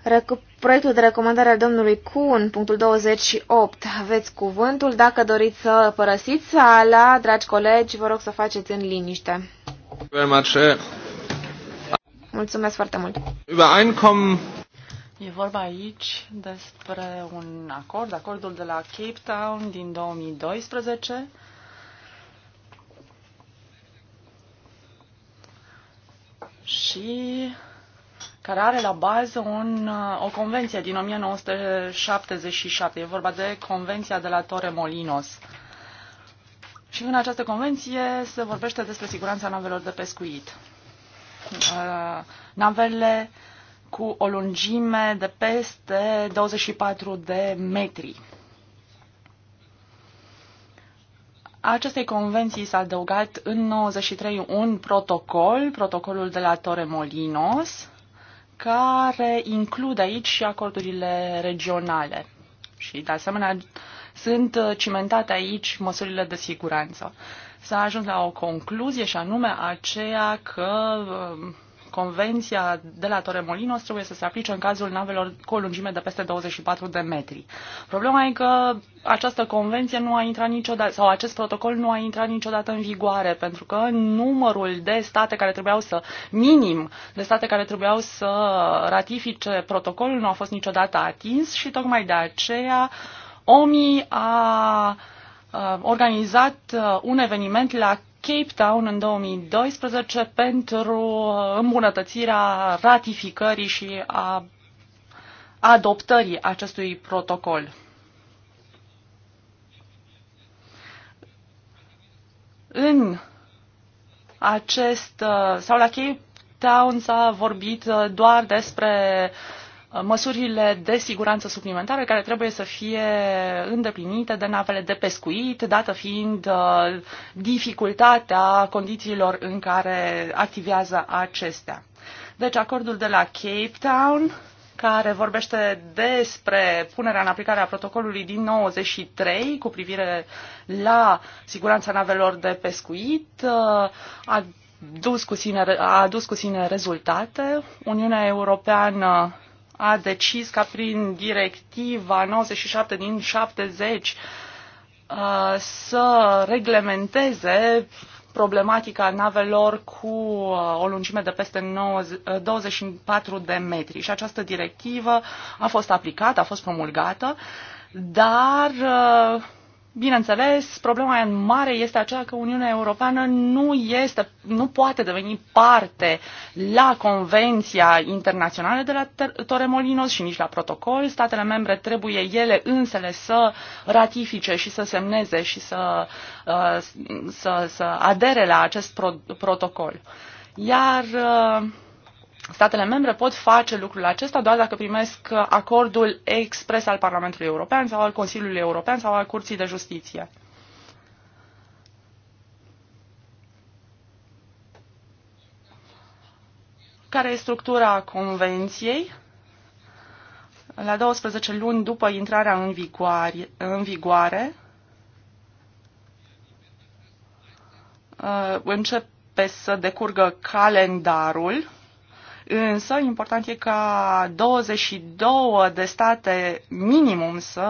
recup Proiectul de recomandare al domnului Kuhn, punctul 28. Aveți cuvântul. Dacă doriți să părăsiți sala, dragi colegi, vă rog să faceți în liniște. Eh. Mulțumesc foarte mult. E vorba aici despre un acord, acordul de la Cape Town din 2012. Și care are la bază un, uh, o convenție din 1977. E vorba de Convenția de la Torre Molinos. Și în această convenție se vorbește despre siguranța navelor de pescuit. Uh, navele cu o lungime de peste 24 de metri. Acestei convenții s-a adăugat în 93 un protocol, protocolul de la Molinos care includ aici și acordurile regionale. Și, de asemenea, sunt cimentate aici măsurile de siguranță. S-a ajuns la o concluzie și anume aceea că convenția de la Torremolinos trebuie să se aplice în cazul navelor cu o lungime de peste 24 de metri. Problema e că această convenție nu a intrat niciodată, sau acest protocol nu a intrat niciodată în vigoare, pentru că numărul de state care trebuiau să, minim, de state care trebuiau să ratifice protocolul nu a fost niciodată atins și tocmai de aceea OMI a organizat uh, un eveniment la Cape Town în 2012 pentru îmbunătățirea ratificării și a adoptării acestui protocol. În acest, sau la Cape Town s-a vorbit doar despre uh, Uh, măsurile de siguranță suplimentare care trebuie să fie îndeplinite de navele de pescuit, dată fiind uh, dificultatea condițiilor în care activează acestea. Deci acordul de la Cape Town care vorbește despre punerea în aplicare a protocolului din 93 cu privire la siguranța navelor de pescuit, uh, a dus cu sine, a dus cu sine rezultate. Uniunea Europeană a decis ca prin directiva 97 din 70 uh, să reglementeze problematica navelor cu uh, o lungime de peste 24 uh, de metri. Și această directivă a fost aplicată, a fost promulgată, dar Bineînțeles, problema în mare este aceea că Uniunea Europeană nu este, nu poate deveni parte la Convenția Internațională de la Torremolinos și nici la protocol. Statele membre trebuie ele însele să ratifice și să semneze și să, uh, să, să adere la acest protocol. Iar uh, Statele membre pot face lucrul acesta doar dacă primesc acordul expres al Parlamentului European sau al Consiliului European sau al Curții de Justiție. Care e structura convenției? La 12 luni după intrarea în vigoare, în vigoare uh, începe să decurgă calendarul Însă, important e ca 22 de state minimum să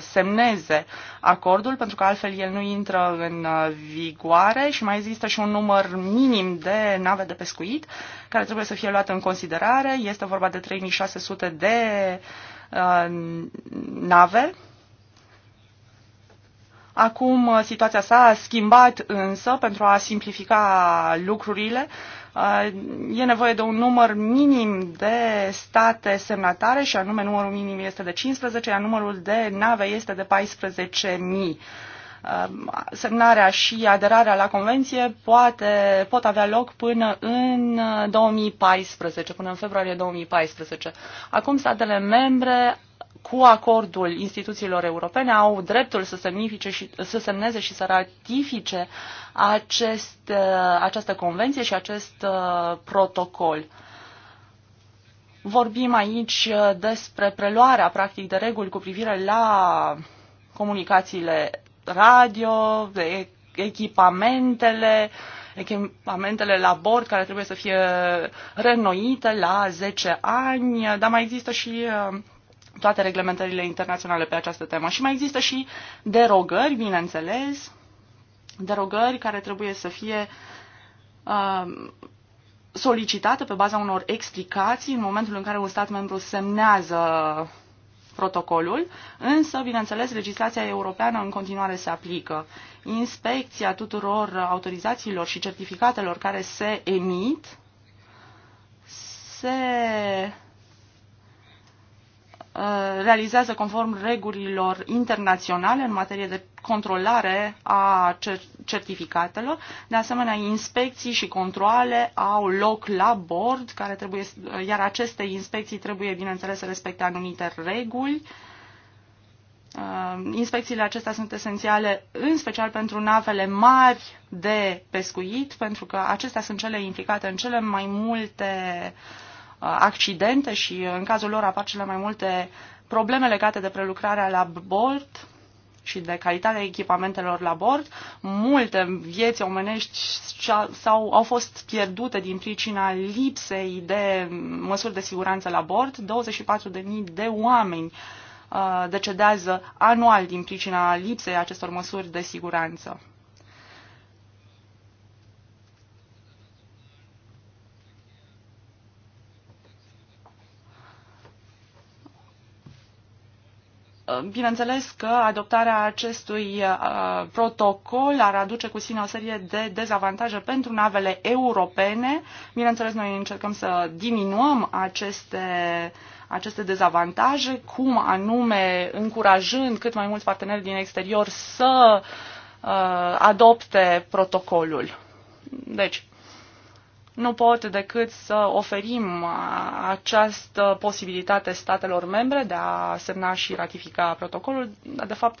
semneze acordul, pentru că altfel el nu intră în vigoare și mai există și un număr minim de nave de pescuit care trebuie să fie luat în considerare. Este vorba de 3600 de uh, nave Acum uh, situația s-a schimbat însă pentru a simplifica lucrurile. Uh, e nevoie de un număr minim de state semnatare și anume numărul minim este de 15, iar numărul de nave este de 14.000 uh, semnarea și aderarea la convenție poate, pot avea loc până în 2014, până în februarie 2014. Acum statele membre cu acordul instituțiilor europene, au dreptul să, semnifice și, să semneze și să ratifice acest, uh, această convenție și acest uh, protocol. Vorbim aici uh, despre preluarea, practic, de reguli cu privire la comunicațiile radio, de echipamentele, echipamentele la bord care trebuie să fie renoite la 10 ani, dar mai există și toate reglementările internaționale pe această temă. Și mai există și derogări, bineînțeles, derogări care trebuie să fie uh, solicitate pe baza unor explicații în momentul în care un stat membru semnează protocolul, însă, bineînțeles, legislația europeană în continuare se aplică. Inspecția tuturor autorizațiilor și certificatelor care se emit se Uh, realizează conform regulilor internaționale în materie de controlare a certificatelor. De asemenea, inspecții și controle au loc la bord, care trebuie, iar aceste inspecții trebuie, bineînțeles, să respecte anumite reguli. Uh, inspecțiile acestea sunt esențiale în special pentru navele mari de pescuit, pentru că acestea sunt cele implicate în cele mai multe uh, accidente și în cazul lor apar cele mai multe probleme legate de prelucrarea la bord și de calitatea echipamentelor la bord. Multe vieți omenești sau au fost pierdute din pricina lipsei de măsuri de siguranță la bord. 24.000 de oameni uh, decedează anual din pricina lipsei acestor măsuri de siguranță. Bineînțeles că adoptarea acestui uh, protocol ar aduce cu sine o serie de dezavantaje pentru navele europene. Bineînțeles, noi încercăm să diminuăm aceste aceste dezavantaje, cum anume încurajând cât mai mulți parteneri din exterior să uh, adopte protocolul. Deci, nu pot decât să oferim uh, această posibilitate statelor membre de a semna și ratifica protocolul. De fapt,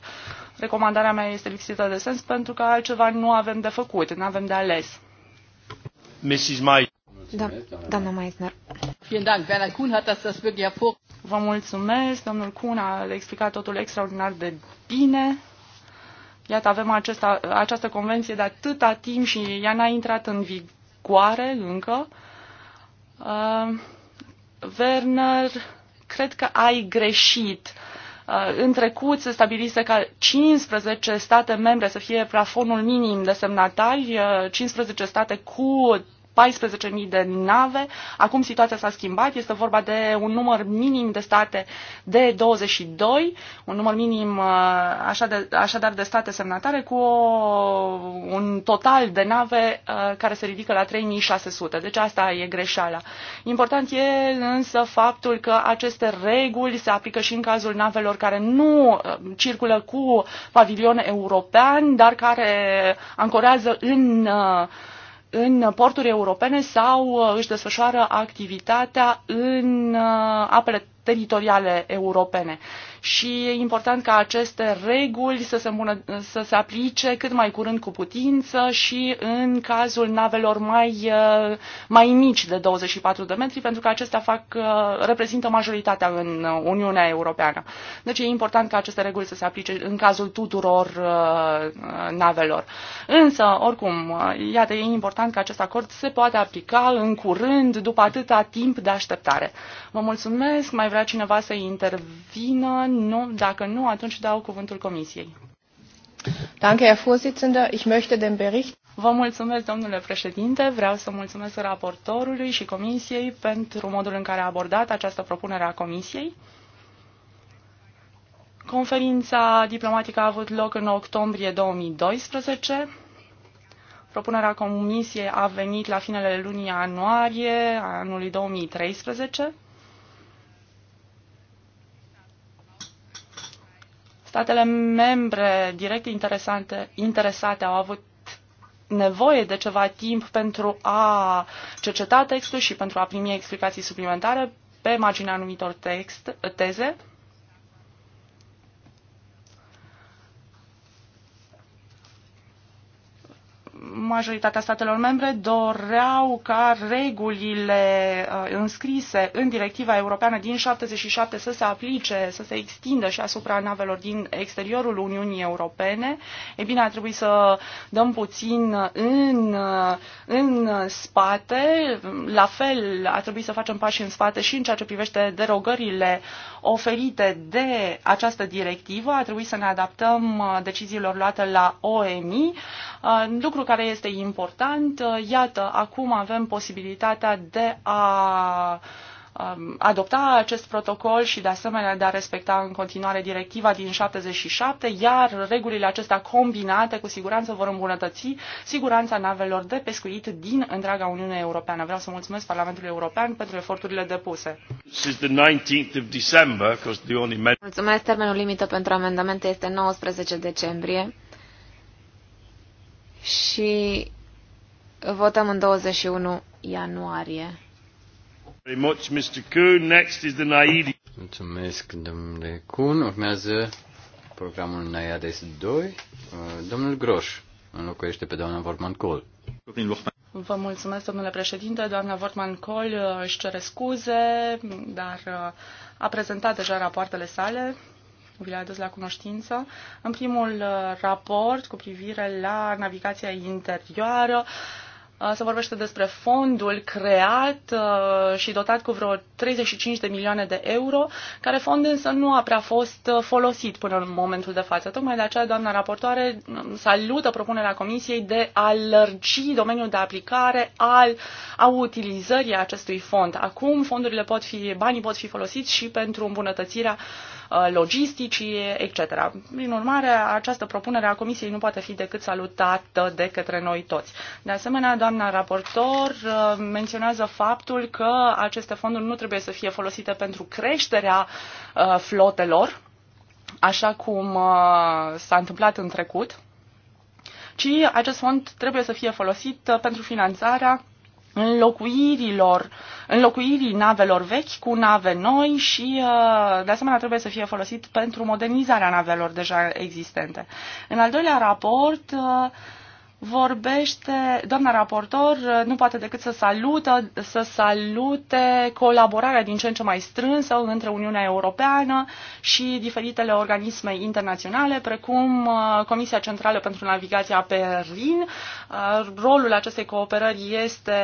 recomandarea mea este lipsită de sens pentru că altceva nu avem de făcut, nu avem de ales. Mrs. Mai. Da, doamna Meisner. Vă mulțumesc, domnul Kuhn a explicat totul extraordinar de bine. Iată, avem acesta, această convenție de atâta timp și ea n-a intrat în vigoare scoare încă. Uh, Werner, cred că ai greșit. Uh, în trecut se stabilise ca 15 state membre să fie plafonul minim de semnatari, uh, 15 state cu 14.000 de nave. Acum situația s-a schimbat, este vorba de un număr minim de state de 22, un număr minim uh, așa de, așadar de state semnatare cu o, un total de nave uh, care se ridică la 3.600. Deci asta e greșeala. Important e însă faptul că aceste reguli se aplică și în cazul navelor care nu uh, circulă cu pavilion european, dar care ancorează în uh, în porturi europene sau uh, își desfășoară activitatea în uh, apele teritoriale europene. Și e important ca aceste reguli să se, îmbună, să se aplice cât mai curând cu putință și în cazul navelor mai, uh, mai mici de 24 de metri, pentru că acestea fac, uh, reprezintă majoritatea în uh, Uniunea Europeană. Deci e important ca aceste reguli să se aplice în cazul tuturor navelor. Însă, oricum, iată, e important ca acest acord se poate aplica în curând, după atâta timp de așteptare. Vă mulțumesc, mai vreau vrea cineva să intervină? Nu. Dacă nu, atunci dau cuvântul Comisiei. Danke, Herr Vorsitzender. Ich möchte den Bericht. Vă mulțumesc, domnule președinte. Vreau să mulțumesc raportorului și Comisiei pentru modul în care a abordat această propunere a Comisiei. Conferința diplomatică a avut loc în octombrie 2012. Propunerea Comisiei a venit la finele lunii ianuarie anului 2013. Statele membre direct interesante, interesate au avut nevoie de ceva timp pentru a cerceta textul și pentru a primi explicații suplimentare pe marginea anumitor text, teze. majoritatea statelor membre doreau ca regulile uh, înscrise în directiva europeană din 77 să se aplice, să se extindă și asupra navelor din exteriorul Uniunii Europene. E bine, ar trebui să dăm puțin în, în spate. La fel, ar trebui să facem pași în spate și în ceea ce privește derogările oferite de această directivă. Ar trebui să ne adaptăm uh, deciziilor luate la OMI. Uh, lucru care este important. Uh, iată, acum avem posibilitatea de a um, adopta acest protocol și de asemenea de a respecta în continuare directiva din 77, iar regulile acestea combinate cu siguranță vor îmbunătăți siguranța navelor de pescuit din întreaga Uniune Europeană. Vreau să mulțumesc Parlamentului European pentru eforturile depuse. Mulțumesc, termenul limită pentru amendamente este 19 decembrie și votăm în 21 ianuarie. Mulțumesc, domnule Kuhn. Urmează programul Naiades 2. Uh, domnul Groș înlocuiește pe doamna Vorman Kohl. Vă mulțumesc, domnule președinte. Doamna Vortman Col uh, își cere scuze, dar uh, a prezentat deja rapoartele sale vi le adus la cunoștință. În primul uh, raport cu privire la navigația interioară uh, se vorbește despre fondul creat uh, și dotat cu vreo 35 de milioane de euro, care fond însă nu a prea fost folosit până în momentul de față. Tocmai de aceea, doamna raportoare mm, salută propunerea Comisiei de a lărgi domeniul de aplicare al a utilizării acestui fond. Acum fondurile pot fi, banii pot fi folosiți și pentru îmbunătățirea uh, Uh, logisticii, etc. Prin urmare, această propunere a Comisiei nu poate fi decât salutată de către noi toți. De asemenea, doamna raportor uh, menționează faptul că aceste fonduri nu trebuie să fie folosite pentru creșterea uh, flotelor, așa cum s-a întâmplat în trecut, ci acest fond trebuie să fie folosit pentru finanțarea înlocuirilor, înlocuirii navelor vechi cu nave noi și, uh, de asemenea, trebuie să fie folosit pentru modernizarea navelor deja existente. În al doilea raport, uh, vorbește, doamna raportor nu poate decât să, salută, să salute colaborarea din ce în ce mai strânsă între Uniunea Europeană și diferitele organisme internaționale, precum uh, Comisia Centrală pentru Navigația pe Rin. Uh, rolul acestei cooperări este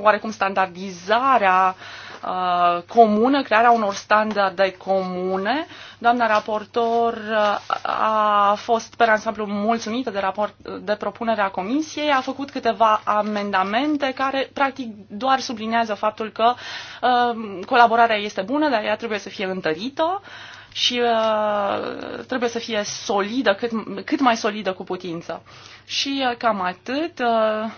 oarecum standardizarea uh, uh, comună, crearea unor standarde comune. Doamna raportor uh, a fost pe ansamblu mulțumită de, raport, de propunerea comisiei, a făcut câteva amendamente care practic doar sublinează faptul că uh, colaborarea este bună, dar ea trebuie să fie întărită și uh, trebuie să fie solidă, cât, cât mai solidă cu putință. Și uh, cam atât. Uh,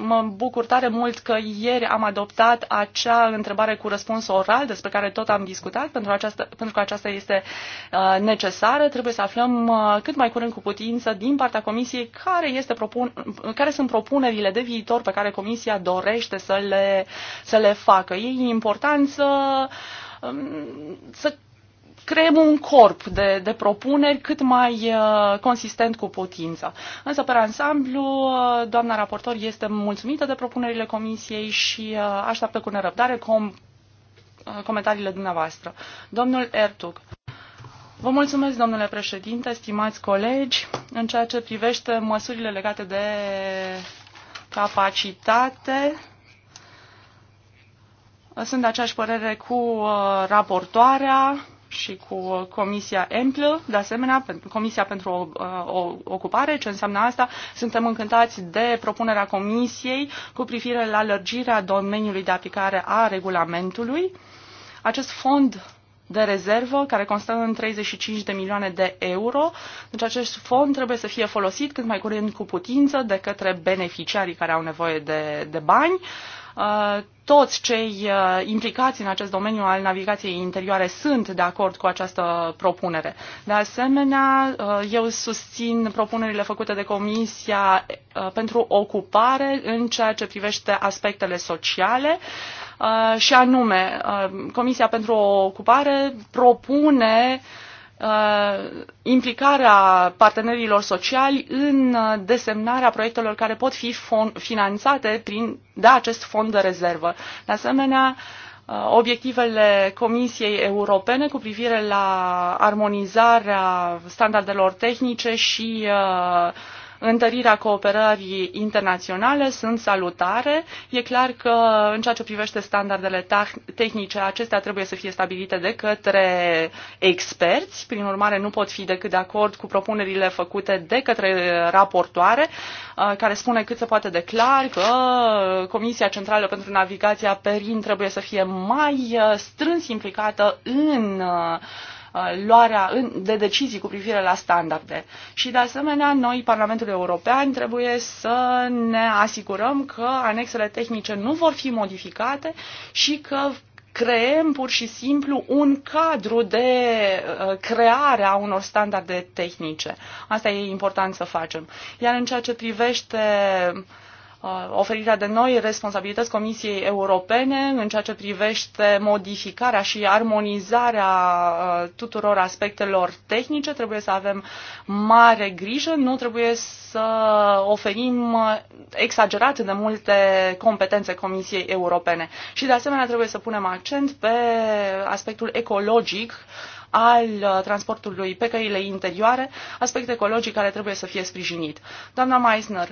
mă bucur tare mult că ieri am adoptat acea întrebare cu răspuns oral despre care tot am discutat, pentru, aceasta, pentru că aceasta este uh, necesară. Trebuie să aflăm uh, cât mai curând cu putință din partea Comisiei care, este propun, care sunt propunerile de viitor pe care Comisia dorește să le, să le facă. E important să, um, să creăm un corp de, de propuneri cât mai uh, consistent cu putință. Însă, pe ansamblu, uh, doamna raportor este mulțumită de propunerile comisiei și uh, așteaptă cu nerăbdare com- uh, comentariile dumneavoastră. Domnul Ertug. Vă mulțumesc, domnule președinte, stimați colegi, în ceea ce privește măsurile legate de capacitate. Sunt de aceeași părere cu uh, raportoarea și cu uh, Comisia Emplă, de asemenea, Comisia pentru o, uh, o, Ocupare, ce înseamnă asta. Suntem încântați de propunerea Comisiei cu privire la lărgirea domeniului de aplicare a regulamentului. Acest fond de rezervă, care constă în 35 de milioane de euro. Deci acest fond trebuie să fie folosit cât mai curând cu putință de către beneficiarii care au nevoie de, de bani. Uh, Uh, toți cei uh, implicați în acest domeniu al navigației interioare sunt de acord cu această propunere. De asemenea, uh, eu susțin propunerile făcute de Comisia pentru Ocupare în ceea ce privește aspectele sociale și anume, Comisia pentru Ocupare propune Uh, implicarea partenerilor sociali în uh, desemnarea proiectelor care pot fi finanțate prin, de acest fond de rezervă. De asemenea, uh, obiectivele Comisiei Europene cu privire la armonizarea standardelor tehnice și uh, întărirea cooperării internaționale sunt salutare. E clar că în ceea ce privește standardele tehnice, acestea trebuie să fie stabilite de către experți. Prin urmare, nu pot fi decât de acord cu propunerile făcute de către raportoare, care spune cât se poate de clar că Comisia Centrală pentru Navigația Perin trebuie să fie mai strâns implicată în uh, Uh, luarea de decizii cu privire la standarde. Și de asemenea, noi, Parlamentul European, trebuie să ne asigurăm că anexele tehnice nu vor fi modificate și că creăm pur și simplu un cadru de uh, creare a unor standarde tehnice. Asta e important să facem. Iar în ceea ce privește uh, Uh, oferirea de noi responsabilități Comisiei Europene în ceea ce privește modificarea și armonizarea uh, tuturor aspectelor tehnice. Trebuie să avem mare grijă, nu trebuie să oferim exagerat de multe competențe Comisiei Europene. Și de asemenea trebuie să punem accent pe aspectul ecologic al uh, transportului pe căile interioare, aspect ecologic care trebuie să fie sprijinit. Doamna Meisner,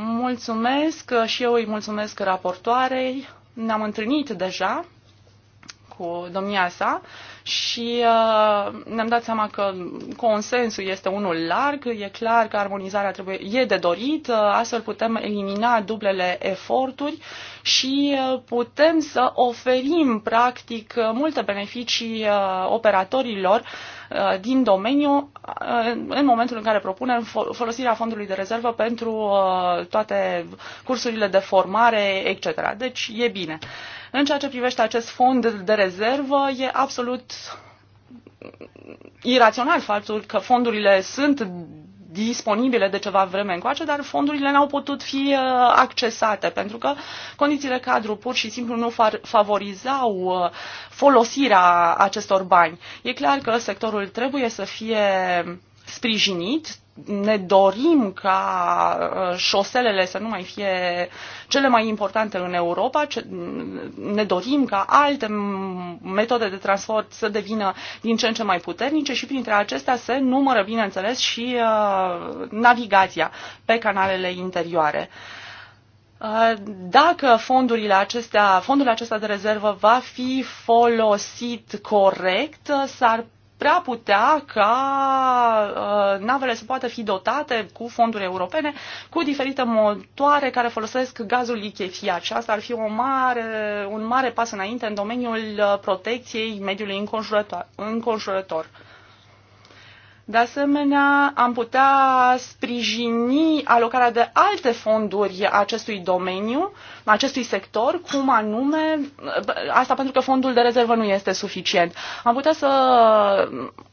Mulțumesc și eu îi mulțumesc raportoarei. Ne-am întâlnit deja cu domnia sa și uh, ne-am dat seama că consensul este unul larg, e clar că armonizarea trebuie, e de dorit, uh, astfel putem elimina dublele eforturi și uh, putem să oferim practic multe beneficii operatorilor din domeniu în momentul în care propunem folosirea fondului de rezervă pentru toate cursurile de formare, etc. Deci e bine. În ceea ce privește acest fond de rezervă, e absolut irațional faptul că fondurile sunt disponibile de ceva vreme încoace, dar fondurile n-au putut fi uh, accesate pentru că condițiile cadru pur și simplu nu favorizau uh, folosirea acestor bani. E clar că sectorul trebuie să fie sprijinit. Ne dorim ca uh, șoselele să nu mai fie cele mai importante în Europa, mm, ne dorim ca alte mm, metode de transport să devină din ce în ce mai puternice și printre acestea se numără, bineînțeles, și uh, navigația pe canalele interioare. Uh, dacă fondurile acestea, fondul acesta de rezervă va fi folosit corect, s-ar prea putea ca uh, navele să poată fi dotate cu fonduri europene cu diferite motoare care folosesc gazul lichefiat și asta ar fi o mare, un mare pas înainte în domeniul uh, protecției mediului înconjurător. înconjurător. De asemenea, am putea sprijini alocarea de alte fonduri acestui domeniu, acestui sector, cum anume, asta pentru că fondul de rezervă nu este suficient. Am putea să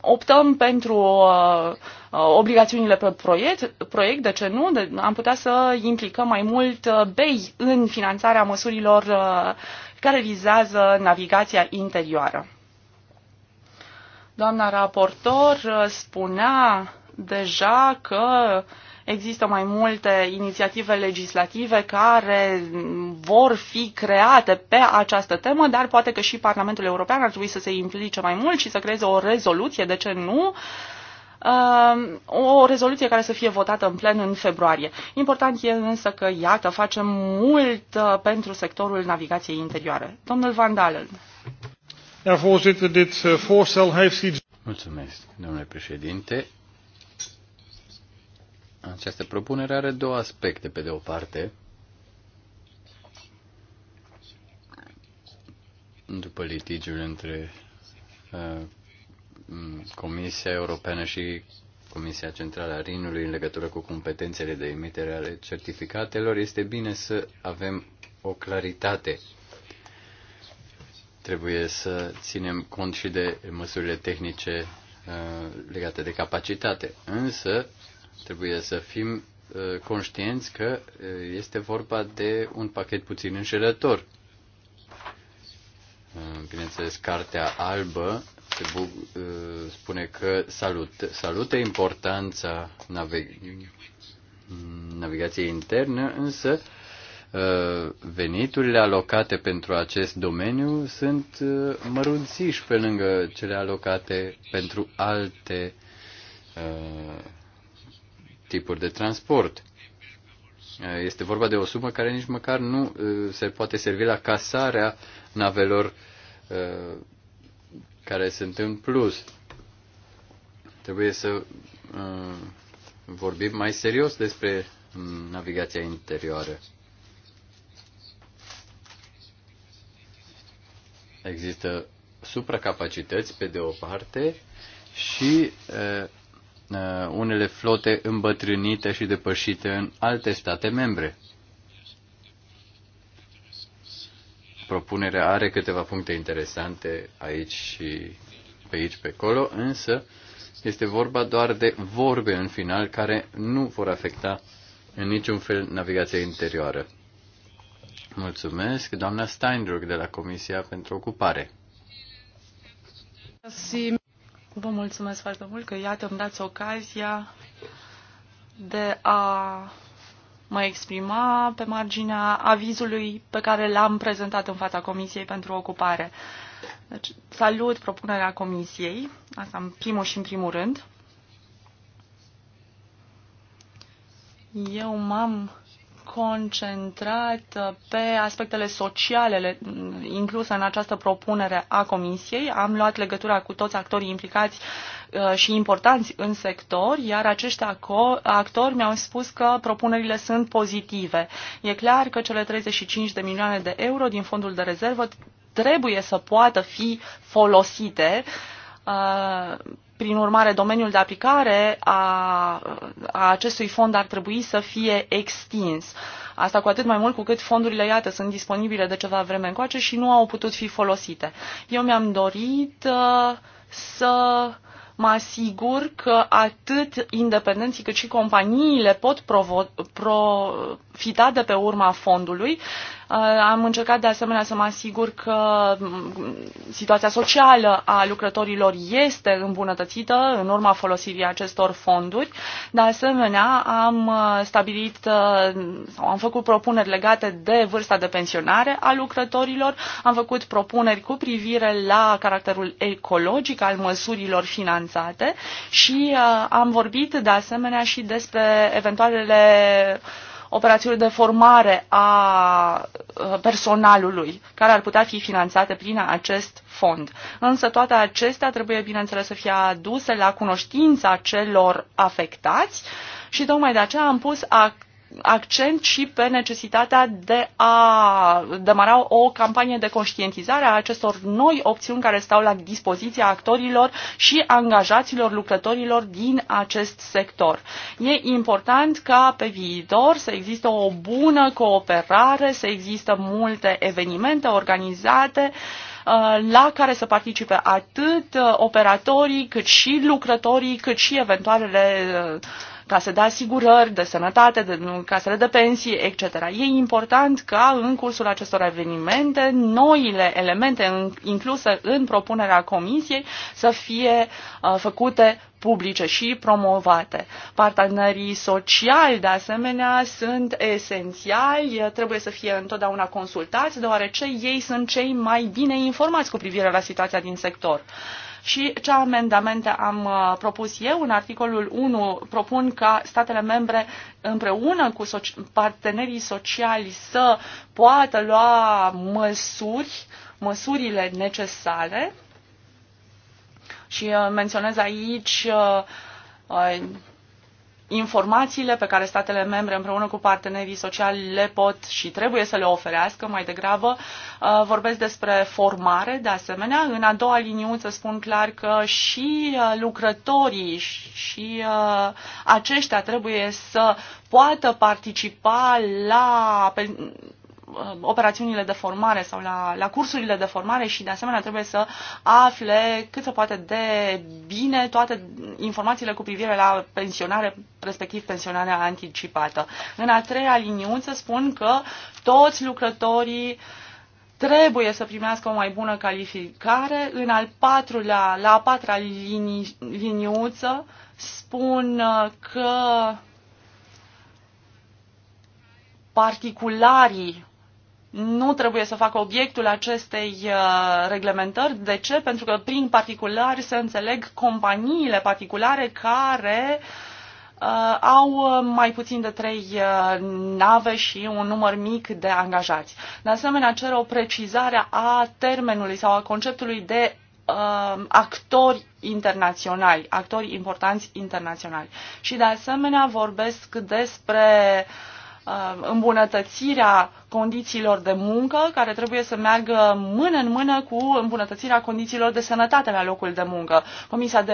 optăm pentru uh, obligațiunile pe proiect, proiect de ce nu? De, am putea să implicăm mai mult uh, BEI în finanțarea măsurilor uh, care vizează navigația interioară. Doamna raportor uh, spunea deja că există mai multe inițiative legislative care vor fi create pe această temă, dar poate că și Parlamentul European ar trebui să se implice mai mult și să creeze o rezoluție, de ce nu, uh, o rezoluție care să fie votată în plen în februarie. Important e însă că, iată, facem mult uh, pentru sectorul navigației interioare. Domnul Van Dalen. Ja, voorzitter, dit eh, voorstel heeft iets... Mulțumesc, domnule președinte. Această propunere are două aspecte, pe de o parte. După litigiul între uh, Comisia Europeană și Comisia Centrală a Rinului în legătură cu competențele de emitere ale certificatelor, este bine să avem o claritate Trebuie să ținem cont și de măsurile tehnice uh, legate de capacitate, însă trebuie să fim uh, conștienți că uh, este vorba de un pachet puțin înșelător. Bineînțeles, cartea albă se spune că salut, salută importanța navig- navigației interne, însă Uh, veniturile alocate pentru acest domeniu sunt uh, mărunțiși pe lângă cele alocate pentru alte uh, tipuri de transport. Este vorba de o sumă care nici măcar nu se poate servi la casarea navelor care sunt în plus. Trebuie să vorbim mai serios despre mm, navigația interioară. Există supracapacități pe de o parte și uh, unele flote îmbătrânite și depășite în alte state membre. Propunerea are câteva puncte interesante aici și pe aici pe acolo, însă este vorba doar de vorbe în final care nu vor afecta în niciun fel navigația interioară. Mulțumesc, doamna Steinruck de la Comisia pentru Ocupare. Vă mulțumesc foarte mult că iată îmi dați ocazia de a mă exprima pe marginea avizului pe care l-am prezentat în fața Comisiei pentru Ocupare. Deci, salut propunerea Comisiei, asta în primul și în primul rând. Eu m-am concentrat uh, pe aspectele sociale mm, incluse în această propunere a Comisiei. Am luat legătura cu toți actorii implicați uh, și importanți în sector, iar acești actori mi-au spus că propunerile sunt pozitive. E clar că cele 35 de milioane de euro din fondul de rezervă trebuie să poată fi folosite uh, prin urmare, domeniul de aplicare a, a acestui fond ar trebui să fie extins. Asta cu atât mai mult cu cât fondurile, iată, sunt disponibile de ceva vreme încoace și nu au putut fi folosite. Eu mi-am dorit uh, să mă asigur că atât independenții cât și companiile pot profita de pe urma fondului, Uh, am încercat de asemenea să mă asigur că mm, situația socială a lucrătorilor este îmbunătățită în urma folosirii acestor fonduri. De asemenea, am uh, stabilit uh, sau am făcut propuneri legate de vârsta de pensionare a lucrătorilor, am făcut propuneri cu privire la caracterul ecologic al măsurilor finanțate și am vorbit de asemenea și despre eventualele uh, operațiuni de formare a uh, personalului, care ar putea fi finanțate prin acest fond. Însă toate acestea trebuie, bineînțeles, să fie aduse la cunoștința celor afectați și tocmai de aceea am pus accent și pe necesitatea de a demara o campanie de conștientizare a acestor noi opțiuni care stau la dispoziția actorilor și angajaților lucrătorilor din acest sector. E important ca pe viitor să există o bună cooperare, să există multe evenimente organizate uh, la care să participe atât uh, operatorii, cât și lucrătorii, cât și eventualele uh, case de asigurări, de sănătate, de casele de pensii, etc. E important ca în cursul acestor evenimente noile elemente incluse în propunerea comisiei să fie uh, făcute publice și promovate. Partenerii sociali, de asemenea, sunt esențiali, trebuie să fie întotdeauna consultați, deoarece ei sunt cei mai bine informați cu privire la situația din sector. Uh, și ce amendamente am uh, propus eu? În articolul 1 propun ca statele membre împreună cu partenerii sociali să poată lua măsuri, măsurile necesare. Și uh, menționez aici uh, informațiile pe care statele membre împreună cu partenerii sociali le pot și trebuie să le oferească mai degrabă. Uh, vorbesc despre formare, de asemenea. În a doua liniuță spun clar că și uh, lucrătorii și uh, aceștia trebuie să poată participa la Uh, operațiunile de formare sau la, la cursurile de formare și de asemenea trebuie să afle cât se poate de bine toate informațiile cu privire la pensionare, respectiv pensionarea anticipată. În a treia liniuță spun că toți lucrătorii trebuie să primească o mai bună calificare. În al patrulea, la a patra linii, liniuță spun uh, că particularii nu trebuie să facă obiectul acestei uh, reglementări. De ce? Pentru că prin particulari se înțeleg companiile particulare care uh, au uh, mai puțin de trei uh, nave și un număr mic de angajați. De asemenea, cer o precizare a termenului sau a conceptului de uh, actori internaționali, actori importanți internaționali. Și de asemenea vorbesc despre uh, Uh, îmbunătățirea condițiilor de muncă, care trebuie să meargă mână în mână cu îmbunătățirea condițiilor de sănătate la locul de muncă. Comisia, de,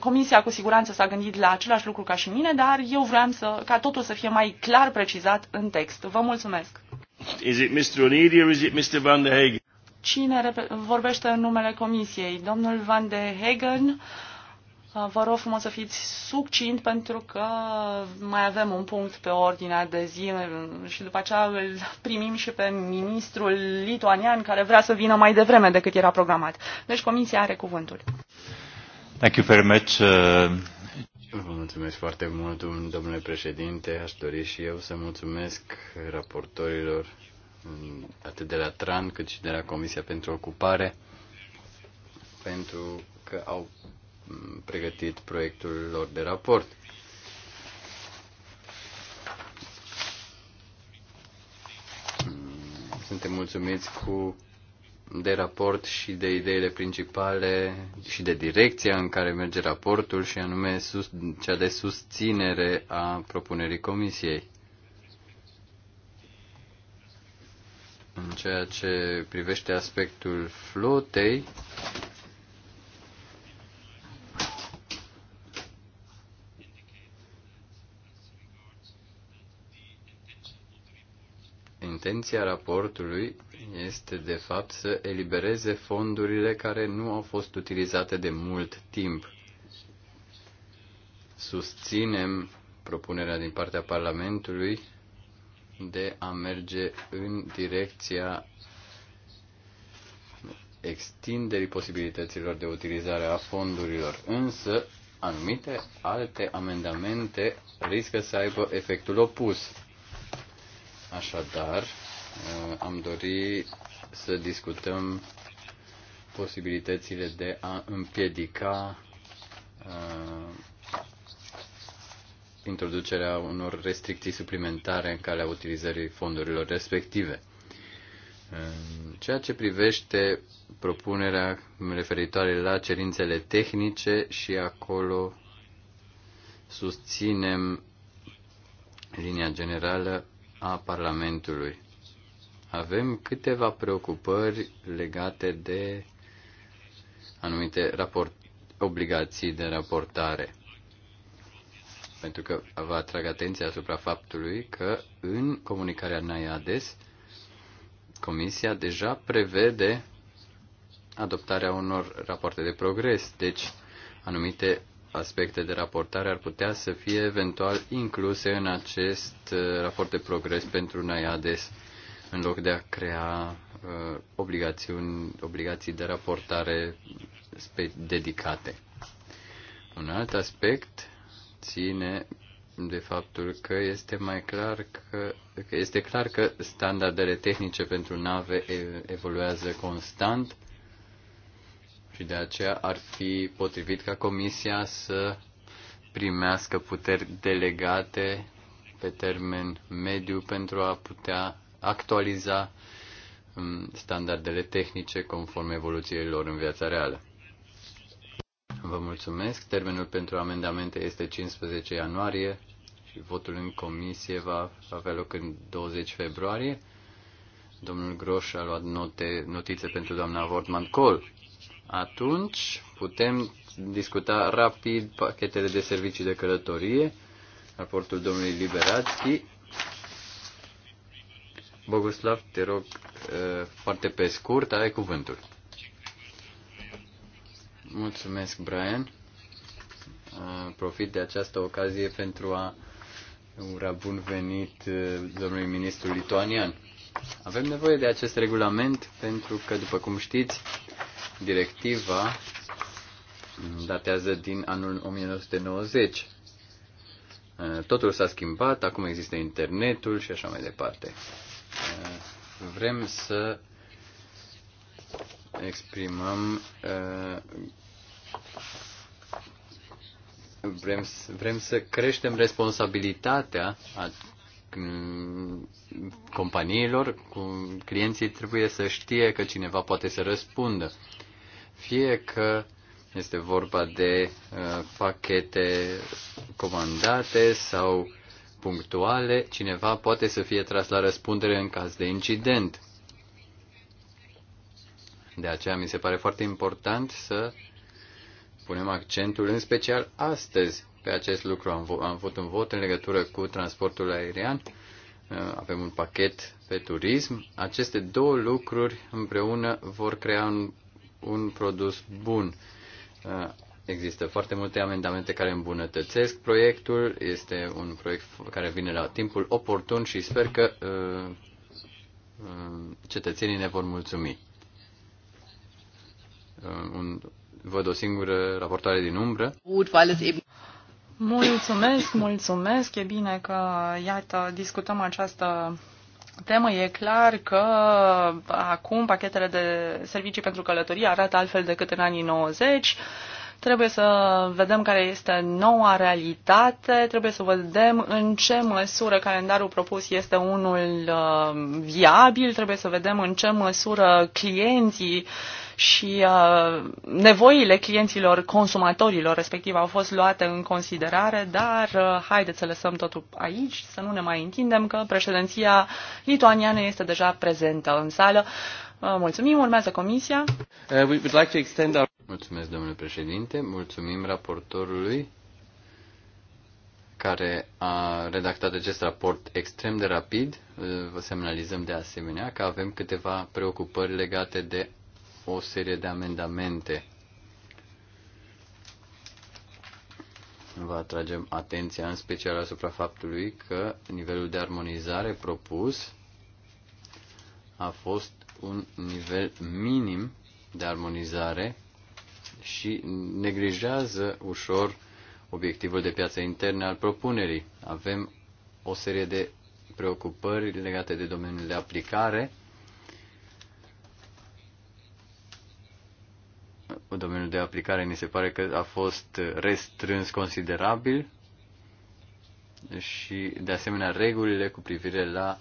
comisia cu siguranță s-a gândit la același lucru ca și mine, dar eu vreau să, ca totul să fie mai clar precizat în text. Vă mulțumesc! Is it Mr. O'Neill or is it Mr. Van de Hagen? Cine vorbește în numele comisiei? Domnul Van de Hagen, uh, Uh, vă rog frumos să fiți succint pentru că mai avem un punct pe ordinea de zi și după aceea îl primim și pe ministrul lituanian care vrea să vină mai devreme decât era programat. Deci comisia are cuvântul. Thank you very much. Uh, vă mulțumesc foarte mult, domnule președinte. Aș dori și eu să mulțumesc raportorilor atât de la TRAN cât și de la Comisia pentru Ocupare pentru că au pregătit proiectul lor de raport. Suntem mulțumiți cu de raport și de ideile principale și de direcția în care merge raportul și anume sus, cea de susținere a propunerii comisiei. În ceea ce privește aspectul flotei, Intenția raportului este, de fapt, să elibereze fondurile care nu au fost utilizate de mult timp. Susținem propunerea din partea Parlamentului de a merge în direcția extinderii posibilităților de utilizare a fondurilor, însă anumite alte amendamente riscă să aibă efectul opus Așadar, uh, am dori să discutăm posibilitățile de a împiedica uh, introducerea unor restricții suplimentare în calea utilizării fondurilor respective. Uh, ceea ce privește propunerea referitoare la cerințele tehnice și acolo susținem linia generală a Parlamentului. Avem câteva preocupări legate de anumite raport, obligații de raportare. Pentru că vă atrag atenția asupra faptului că în comunicarea NAIADES, Comisia deja prevede adoptarea unor rapoarte de progres, deci anumite aspecte de raportare ar putea să fie eventual incluse în acest uh, raport de progres pentru NAIADES, în loc de a crea uh, obligațiuni, obligații de raportare dedicate. Un alt aspect ține de faptul că este mai clar că, că este clar că standardele tehnice pentru nave evoluează constant și de aceea ar fi potrivit ca Comisia să primească puteri delegate pe termen mediu pentru a putea actualiza um, standardele tehnice conform evoluției lor în viața reală. Vă mulțumesc. Termenul pentru amendamente este 15 ianuarie și votul în comisie va avea loc în 20 februarie. Domnul Groș a luat note, notițe pentru doamna Wortman Col atunci putem discuta rapid pachetele de servicii de călătorie, raportul domnului Liberatski. Boguslav, te rog uh, foarte pe scurt, ai cuvântul. Mulțumesc, Brian. Uh, profit de această ocazie pentru a ura bun venit uh, domnului ministru lituanian. Avem nevoie de acest regulament pentru că, după cum știți, Directiva datează din anul 1990. Eh, totul s-a schimbat, acum există internetul și așa mai departe. Eh, vrem să exprimăm eh, vrem, vrem să creștem responsabilitatea a companiilor, cu clienții trebuie să știe că cineva poate să răspundă fie că este vorba de uh, pachete comandate sau punctuale, cineva poate să fie tras la răspundere în caz de incident. De aceea mi se pare foarte important să punem accentul în special astăzi pe acest lucru. Am, am avut un vot în legătură cu transportul aerian, uh, avem un pachet pe turism. Aceste două lucruri împreună vor crea un un produs bun. Uh, există foarte multe amendamente care îmbunătățesc proiectul, este un proiect care vine la timpul oportun și sper că uh, uh, cetățenii ne vor mulțumi. Un, văd o singură raportare din umbră. Mulțumesc, mulțumesc. E bine că, iată, discutăm această temă, e clar că acum pachetele de servicii pentru călătorie arată altfel decât în anii 90. Trebuie să vedem care este noua realitate, trebuie să vedem în ce măsură calendarul propus este unul uh, viabil, trebuie să vedem în ce măsură clienții și uh, nevoile clienților, consumatorilor respectiv au fost luate în considerare, dar uh, haideți să lăsăm totul aici, să nu ne mai întindem că președinția lituaniană este deja prezentă în sală. Mulțumim, urmează comisia. Uh, we would like to extend our... Mulțumesc, domnule președinte, mulțumim raportorului care a redactat acest raport extrem de rapid. Uh, vă semnalizăm de asemenea că avem câteva preocupări legate de o serie de amendamente. Vă atragem atenția în special asupra faptului că nivelul de armonizare propus a fost un nivel minim de armonizare și negrijează ușor obiectivul de piață internă al propunerii. Avem o serie de preocupări legate de domeniul de aplicare, domeniul de aplicare ni se pare că a fost restrâns considerabil și, de asemenea, regulile cu privire la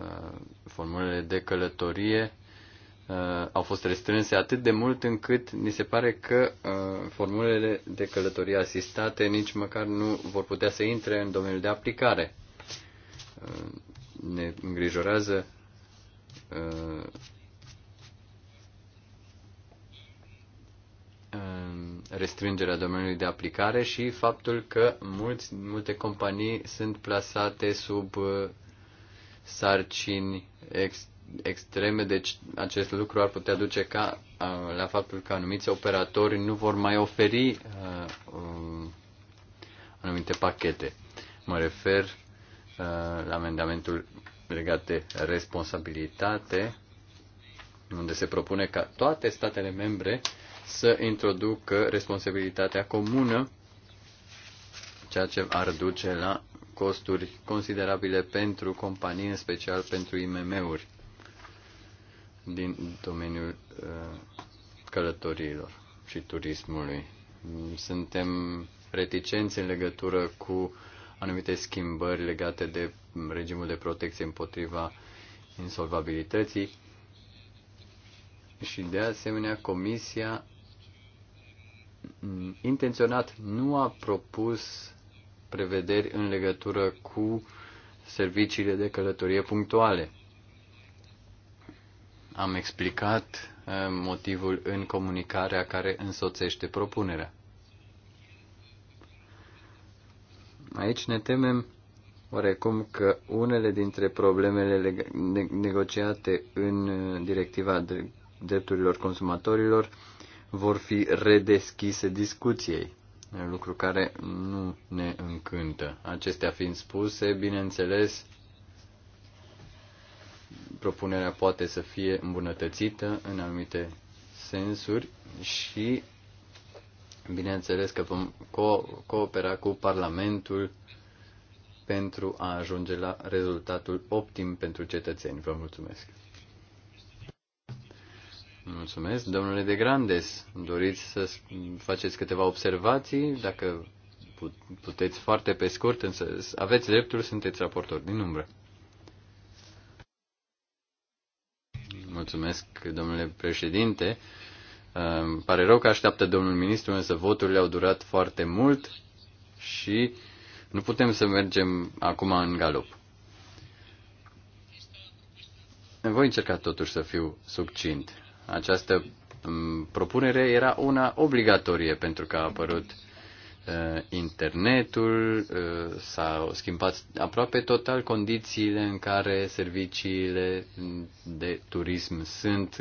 uh, formulele de călătorie uh, au fost restrânse atât de mult încât ni se pare că uh, formulele de călătorie asistate nici măcar nu vor putea să intre în domeniul de aplicare. Uh, ne îngrijorează uh, restrângerea domeniului de aplicare și faptul că mulți, multe companii sunt plasate sub uh, sarcini ex, extreme, deci acest lucru ar putea duce ca, la faptul că anumiți operatori nu vor mai oferi uh, anumite pachete. Mă refer uh, la amendamentul legat de responsabilitate, unde se propune ca toate statele membre să introducă responsabilitatea comună, ceea ce ar duce la costuri considerabile pentru companii, în special pentru IMM-uri din domeniul uh, călătoriilor și turismului. Suntem reticenți în legătură cu anumite schimbări legate de regimul de protecție împotriva insolvabilității și de asemenea Comisia mm, intenționat nu a propus prevederi în legătură cu serviciile de călătorie punctuale. Am explicat eh, motivul în comunicarea care însoțește propunerea. Aici ne temem oarecum că unele dintre problemele negociate în eh, directiva drepturilor consumatorilor vor fi redeschise discuției lucru care nu ne încântă. Acestea fiind spuse, bineînțeles, propunerea poate să fie îmbunătățită în anumite sensuri și bineînțeles că vom co- coopera cu Parlamentul pentru a ajunge la rezultatul optim pentru cetățeni. Vă mulțumesc! Mulțumesc. Domnule de Grandes, doriți să faceți câteva observații? Dacă puteți foarte pe scurt, însă aveți dreptul, sunteți raportor din umbră. Mulțumesc, domnule președinte. Îmi pare rău că așteaptă domnul ministru, însă voturile au durat foarte mult și nu putem să mergem acum în galop. Voi încerca totuși să fiu succint. Această mm, propunere era una obligatorie pentru că a apărut internetul, s-au schimbat aproape total condițiile în care serviciile de turism sunt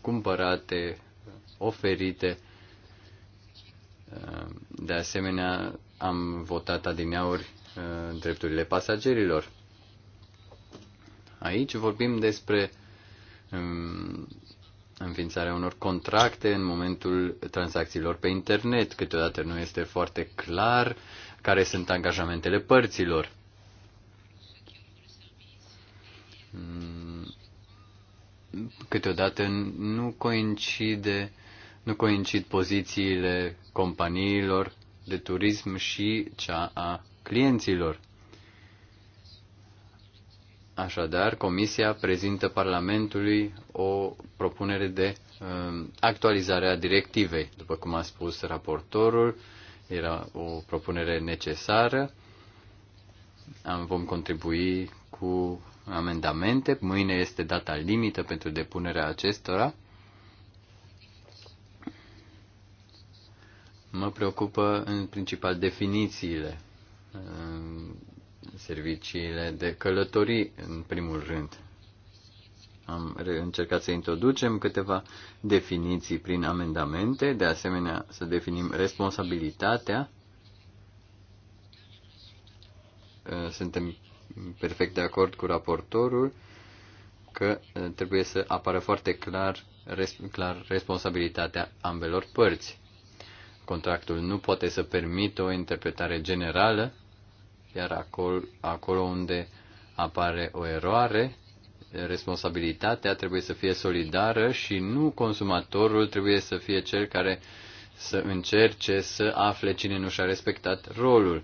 cumpărate, oferite. De asemenea, am votat adineauri drepturile pasagerilor. Aici vorbim despre mm, înființarea unor contracte în momentul tranzacțiilor pe internet. Câteodată nu este foarte clar care sunt angajamentele părților. Câteodată nu coincide nu coincid pozițiile companiilor de turism și cea a clienților. Așadar, Comisia prezintă Parlamentului o propunere de um, actualizare a directivei. După cum a spus raportorul, era o propunere necesară. Vom contribui cu amendamente. Mâine este data limită pentru depunerea acestora. Mă preocupă în principal definițiile. Um, serviciile de călătorii, în primul rând. Am încercat să introducem câteva definiții prin amendamente, de asemenea să definim responsabilitatea. Ă, suntem perfect de acord cu raportorul că ă, trebuie să apară foarte clar, res, clar responsabilitatea ambelor părți. Contractul nu poate să permită o interpretare generală iar acolo, acolo unde apare o eroare, responsabilitatea trebuie să fie solidară și nu consumatorul trebuie să fie cel care să încerce să afle cine nu și-a respectat rolul.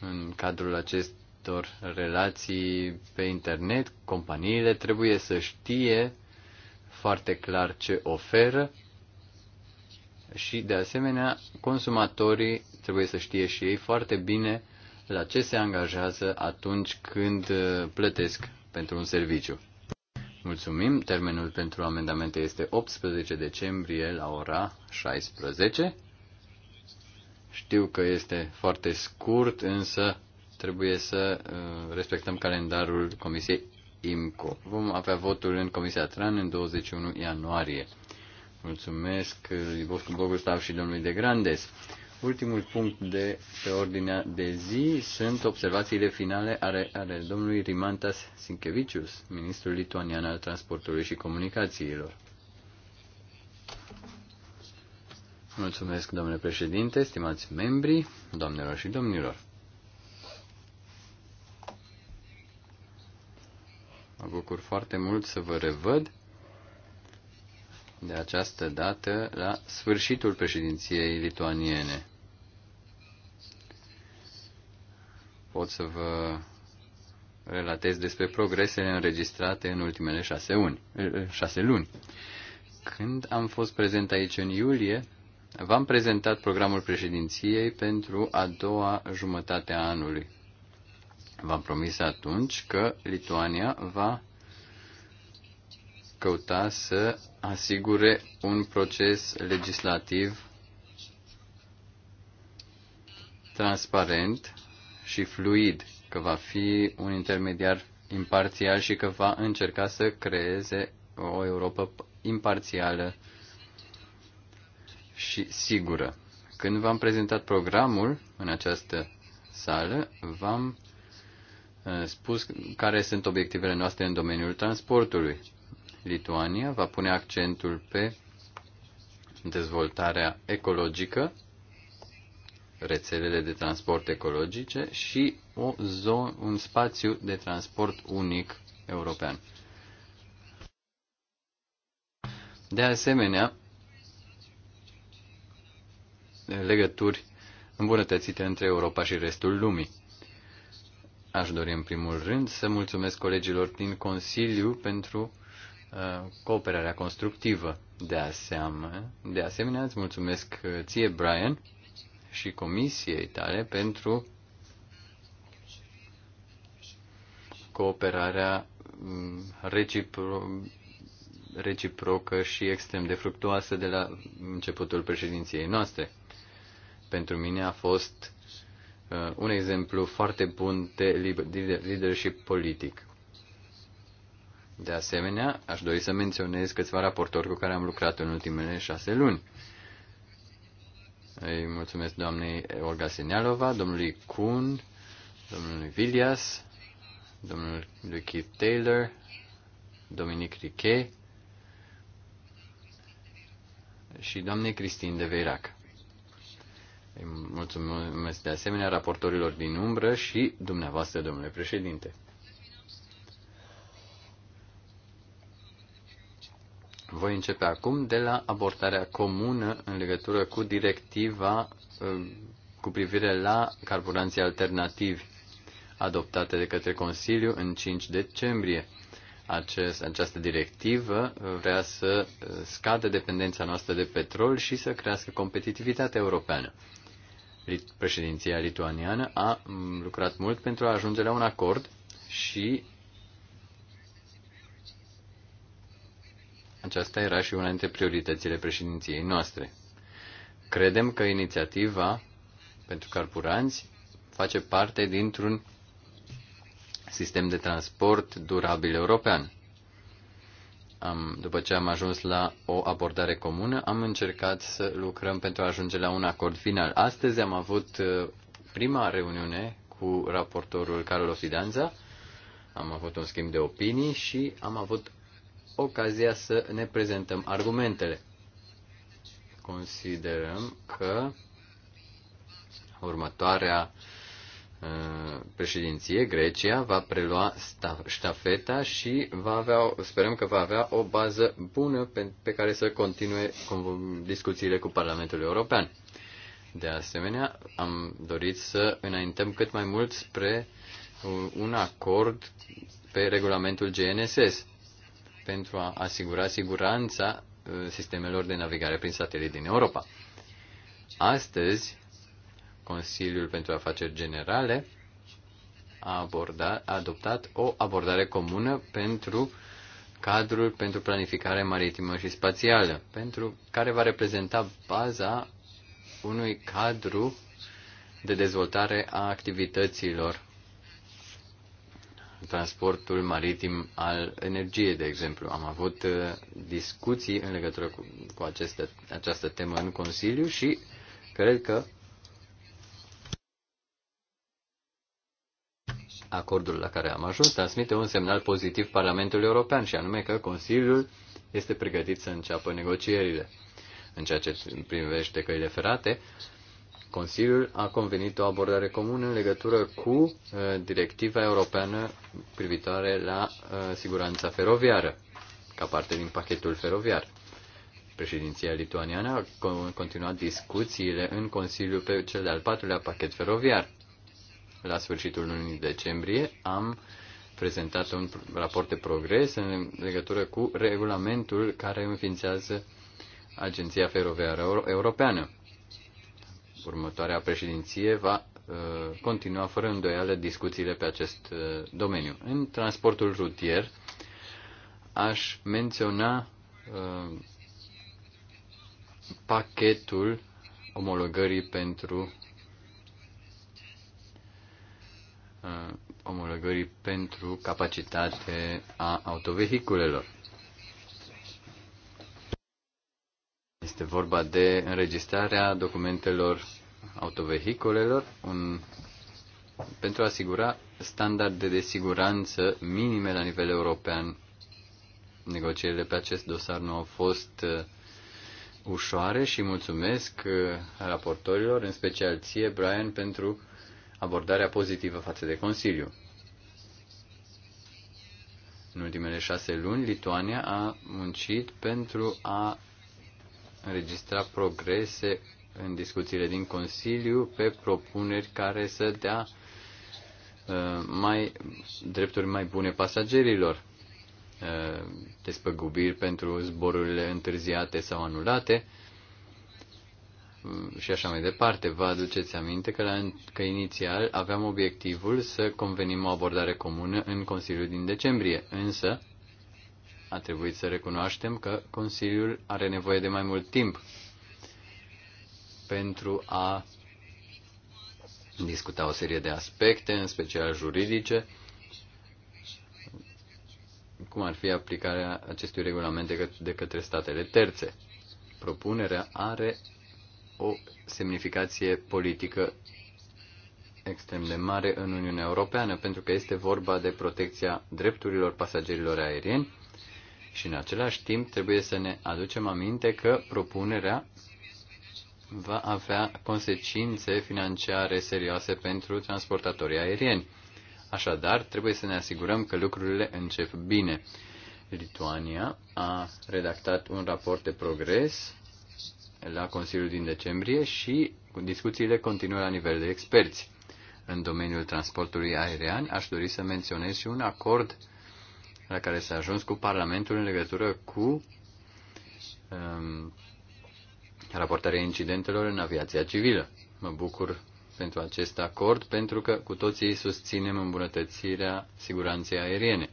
În cadrul acestor relații pe internet, companiile trebuie să știe foarte clar ce oferă și, de asemenea, consumatorii trebuie să știe și ei foarte bine la ce se angajează atunci când uh, plătesc pentru un serviciu. Mulțumim. Termenul pentru amendamente este 18 decembrie la ora 16. Știu că este foarte scurt, însă trebuie să uh, respectăm calendarul Comisiei IMCO. Vom avea votul în Comisia TRAN în 21 ianuarie. Mulțumesc uh, Bogustav și domnului de Grandes. Ultimul punct de pe ordinea de zi sunt observațiile finale ale, ale domnului Rimantas Sinkevicius, ministrul lituanian al transportului și comunicațiilor. Mulțumesc, domnule președinte, stimați membri, doamnelor și domnilor. Mă bucur foarte mult să vă revăd de această dată la sfârșitul președinției lituaniene. Pot să vă relatez despre progresele înregistrate în ultimele șase, uni, șase luni. Când am fost prezent aici în iulie, v-am prezentat programul președinției pentru a doua jumătate a anului. V-am promis atunci că Lituania va căuta să asigure un proces legislativ transparent și fluid, că va fi un intermediar imparțial și că va încerca să creeze o Europa imparțială și sigură. Când v-am prezentat programul în această sală, v-am uh, spus care sunt obiectivele noastre în domeniul transportului. Lituania va pune accentul pe dezvoltarea ecologică, rețelele de transport ecologice și o zon, un spațiu de transport unic european. De asemenea, legături îmbunătățite între Europa și restul lumii. Aș dori în primul rând să mulțumesc colegilor din Consiliu pentru Uh, cooperarea constructivă. De asemenea, de asemenea, îți mulțumesc uh, ție, Brian, și comisiei tale pentru cooperarea mm, recipro- reciprocă și extrem de fructuoasă de la începutul președinției noastre. Pentru mine a fost uh, un exemplu foarte bun de leadership politic. De asemenea, aș dori să menționez câțiva raportori cu care am lucrat în ultimele șase luni. Îi mulțumesc doamnei Olga Senialova, domnului Kuhn, domnului Vilias, domnului Keith Taylor, Dominic Riquet și doamnei Cristin de Veirac. Îi mulțumesc de asemenea raportorilor din umbră și dumneavoastră, domnule președinte. Voi începe acum de la abordarea comună în legătură cu directiva um, cu privire la carburanții alternativi adoptate de către Consiliu în 5 decembrie. Acest, această directivă vrea să uh, scadă dependența noastră de petrol și să crească competitivitatea europeană. Președinția lituaniană a mm, lucrat mult pentru a ajunge la un acord și Aceasta era și una dintre prioritățile președinției noastre. Credem că inițiativa pentru carburanți face parte dintr-un sistem de transport durabil european. Am, după ce am ajuns la o abordare comună, am încercat să lucrăm pentru a ajunge la un acord final. Astăzi am avut uh, prima reuniune cu raportorul Carlo Fidanza, am avut un schimb de opinii și am avut ocazia să ne prezentăm argumentele. Considerăm că următoarea uh, președinție, Grecia, va prelua ștafeta și va avea, sperăm că va avea o bază bună pe, care să continue discuțiile cu Parlamentul European. De asemenea, am dorit să înaintăm cât mai mult spre uh, un acord pe regulamentul GNSS pentru a asigura siguranța uh, sistemelor de navigare prin satelit din Europa. Astăzi, Consiliul pentru Afaceri Generale a, abordat, a adoptat o abordare comună pentru cadrul pentru planificare maritimă și spațială, pentru care va reprezenta baza unui cadru de dezvoltare a activităților transportul maritim al energiei, de exemplu. Am avut uh, discuții în legătură cu, cu aceste, această temă în Consiliu și cred că acordul la care am ajuns transmite un semnal pozitiv Parlamentului European și anume că Consiliul este pregătit să înceapă negocierile. În ceea ce privește căile ferate, Consiliul a convenit o abordare comună în legătură cu uh, directiva europeană privitoare la uh, siguranța feroviară, ca parte din pachetul feroviar. Președinția lituaniană a continuat discuțiile în Consiliu pe cel de-al patrulea pachet feroviar. La sfârșitul lunii decembrie am prezentat un raport de progres în legătură cu regulamentul care înființează Agenția Feroviară Europeană Următoarea președinție va uh, continua fără îndoială discuțiile pe acest uh, domeniu. În transportul rutier aș menționa uh, pachetul omologării pentru omologării pentru capacitate a autovehiculelor. Este vorba de înregistrarea documentelor autovehiculelor un, pentru a asigura standarde de siguranță minime la nivel european. Negocierile pe acest dosar nu au fost uh, ușoare și mulțumesc uh, raportorilor, în special ție, Brian, pentru abordarea pozitivă față de Consiliu. În ultimele șase luni, Lituania a muncit pentru a înregistra progrese în discuțiile din Consiliu pe propuneri care să dea uh, mai, drepturi mai bune pasagerilor, uh, despăgubiri pentru zborurile întârziate sau anulate uh, și așa mai departe. Vă aduceți aminte că, la, că inițial aveam obiectivul să convenim o abordare comună în Consiliul din decembrie, însă a trebuit să recunoaștem că Consiliul are nevoie de mai mult timp pentru a discuta o serie de aspecte, în special juridice, cum ar fi aplicarea acestui regulament de către statele terțe. Propunerea are o semnificație politică extrem de mare în Uniunea Europeană, pentru că este vorba de protecția drepturilor pasagerilor aerieni și în același timp trebuie să ne aducem aminte că propunerea va avea consecințe financiare serioase pentru transportatorii aerieni. Așadar, trebuie să ne asigurăm că lucrurile încep bine. Lituania a redactat un raport de progres la Consiliul din decembrie și discuțiile continuă la nivel de experți. În domeniul transportului aerian aș dori să menționez și un acord la care s-a ajuns cu Parlamentul în legătură cu um, raportarea incidentelor în aviația civilă. Mă bucur pentru acest acord pentru că cu toții susținem îmbunătățirea siguranței aeriene.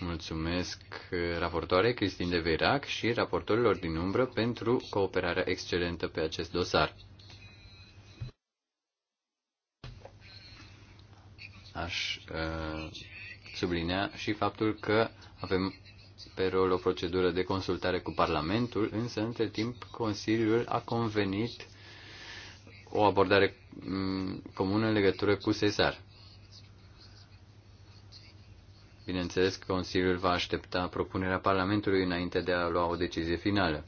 Mulțumesc uh, raportoare Cristin de Verac și raportorilor din umbră pentru cooperarea excelentă pe acest dosar. Aș uh, sublinea și faptul că avem pe rol o procedură de consultare cu Parlamentul, însă între timp Consiliul a convenit o abordare mm, comună în legătură cu Cesar. Bineînțeles că Consiliul va aștepta propunerea Parlamentului înainte de a lua o decizie finală.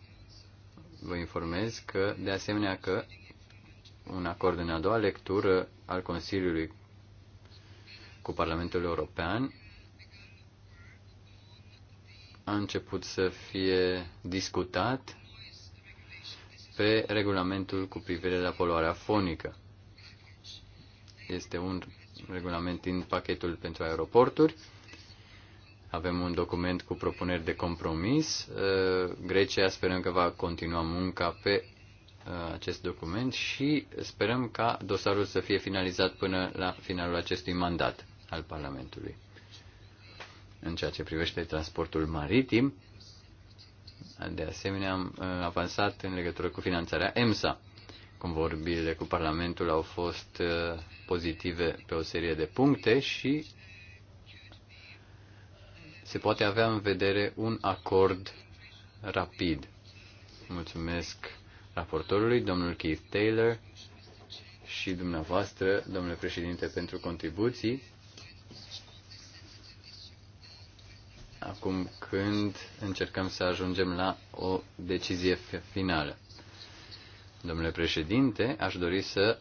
Vă informez că, de asemenea, că un acord în a doua lectură al Consiliului cu Parlamentul European a început să fie discutat pe regulamentul cu privire la poluarea fonică. Este un regulament din pachetul pentru aeroporturi. Avem un document cu propuneri de compromis. Ă, Grecia sperăm că va continua munca pe ă, acest document și sperăm ca dosarul să fie finalizat până la finalul acestui mandat al Parlamentului în ceea ce privește transportul maritim. De asemenea, am uh, avansat în legătură cu finanțarea EMSA. Convorbirile cu Parlamentul au fost uh, pozitive pe o serie de puncte și se poate avea în vedere un acord rapid. Mulțumesc raportorului, domnul Keith Taylor și dumneavoastră, domnule președinte, pentru contribuții acum când încercăm să ajungem la o decizie finală. Domnule președinte, aș dori să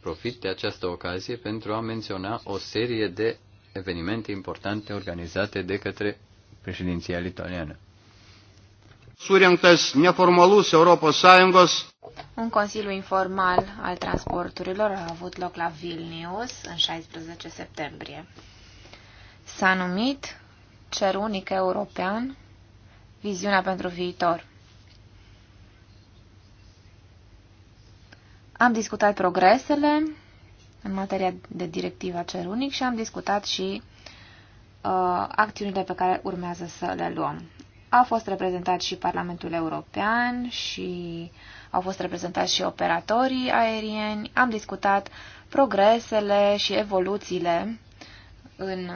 profit de această ocazie pentru a menționa o serie de evenimente importante organizate de către președinția lituaniană. Surinktas neformalus Europos Sąjungos. Un consiliu informal al transporturilor a avut loc la Vilnius în 16 septembrie. S-a numit cer unic european, viziunea pentru viitor. Am discutat progresele în materia de directiva cer unic și am discutat și uh, acțiunile pe care urmează să le luăm. A fost reprezentat și Parlamentul European și au fost reprezentați și operatorii aerieni. Am discutat progresele și evoluțiile în,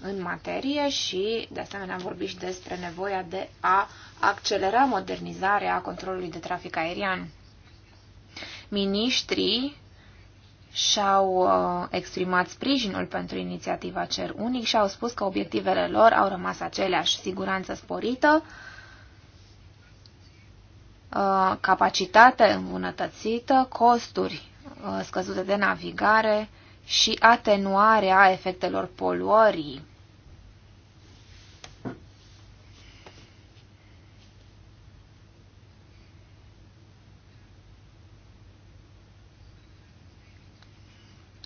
în materie și, de asemenea, am vorbit și despre nevoia de a accelera modernizarea controlului de trafic aerian. Miniștrii și-au uh, exprimat sprijinul pentru inițiativa Cer Unic și au spus că obiectivele lor au rămas aceleași, siguranță sporită, uh, capacitate îmbunătățită, costuri uh, scăzute de navigare și atenuarea efectelor poluării.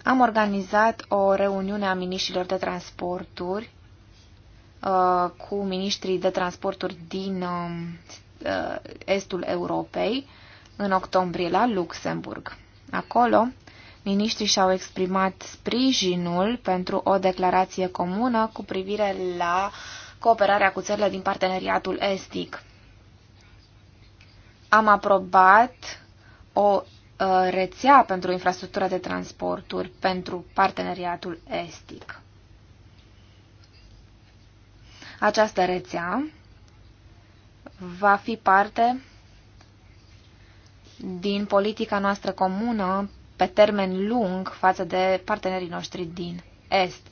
Am organizat o reuniune a miniștrilor de transporturi uh, cu miniștrii de transporturi din um, uh, estul Europei în octombrie la Luxemburg. Acolo Miniștrii și-au exprimat sprijinul pentru o declarație comună cu privire la cooperarea cu țările din parteneriatul estic. Am aprobat o uh, rețea pentru infrastructura de transporturi pentru parteneriatul estic. Această rețea va fi parte din politica noastră comună pe termen lung față de partenerii noștri din Est.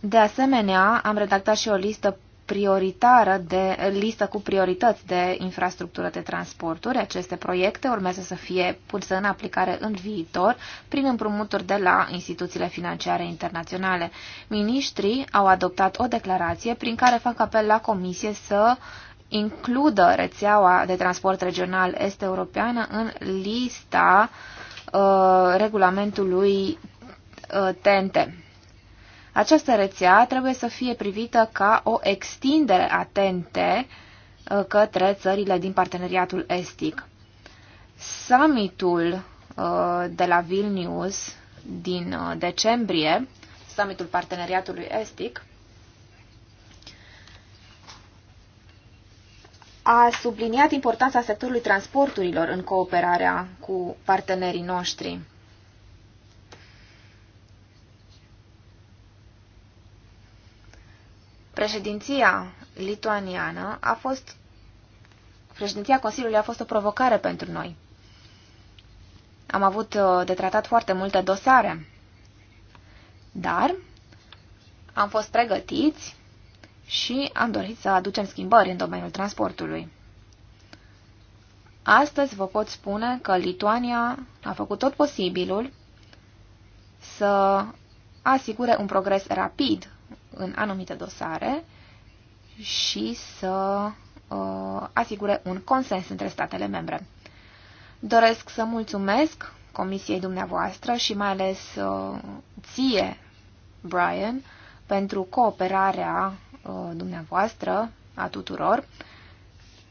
De asemenea, am redactat și o listă prioritară de listă cu priorități de infrastructură de transporturi. Aceste proiecte urmează să fie puse în aplicare în viitor prin împrumuturi de la instituțiile financiare internaționale. Ministrii au adoptat o declarație prin care fac apel la Comisie să includă rețeaua de transport regional est-europeană în lista uh, Uh, regulamentului TNT. Uh, Această rețea trebuie să fie privită ca o extindere a TNT uh, către țările din parteneriatul estic. Summitul de la Vilnius din decembrie, summitul parteneriatului estic, a subliniat importanța sectorului transporturilor în cooperarea cu partenerii noștri. Președinția lituaniană a fost președinția Consiliului a fost o provocare pentru noi. Am avut uh, de tratat foarte multe dosare, dar am fost pregătiți și am dorit să aducem schimbări în domeniul transportului. Astăzi vă pot spune că Lituania a făcut tot posibilul să asigure un progres rapid în anumite dosare și să uh, asigure un consens între statele membre. Doresc să mulțumesc comisiei dumneavoastră și mai ales uh, ție, Brian, pentru cooperarea Uh, dumneavoastră, a tuturor,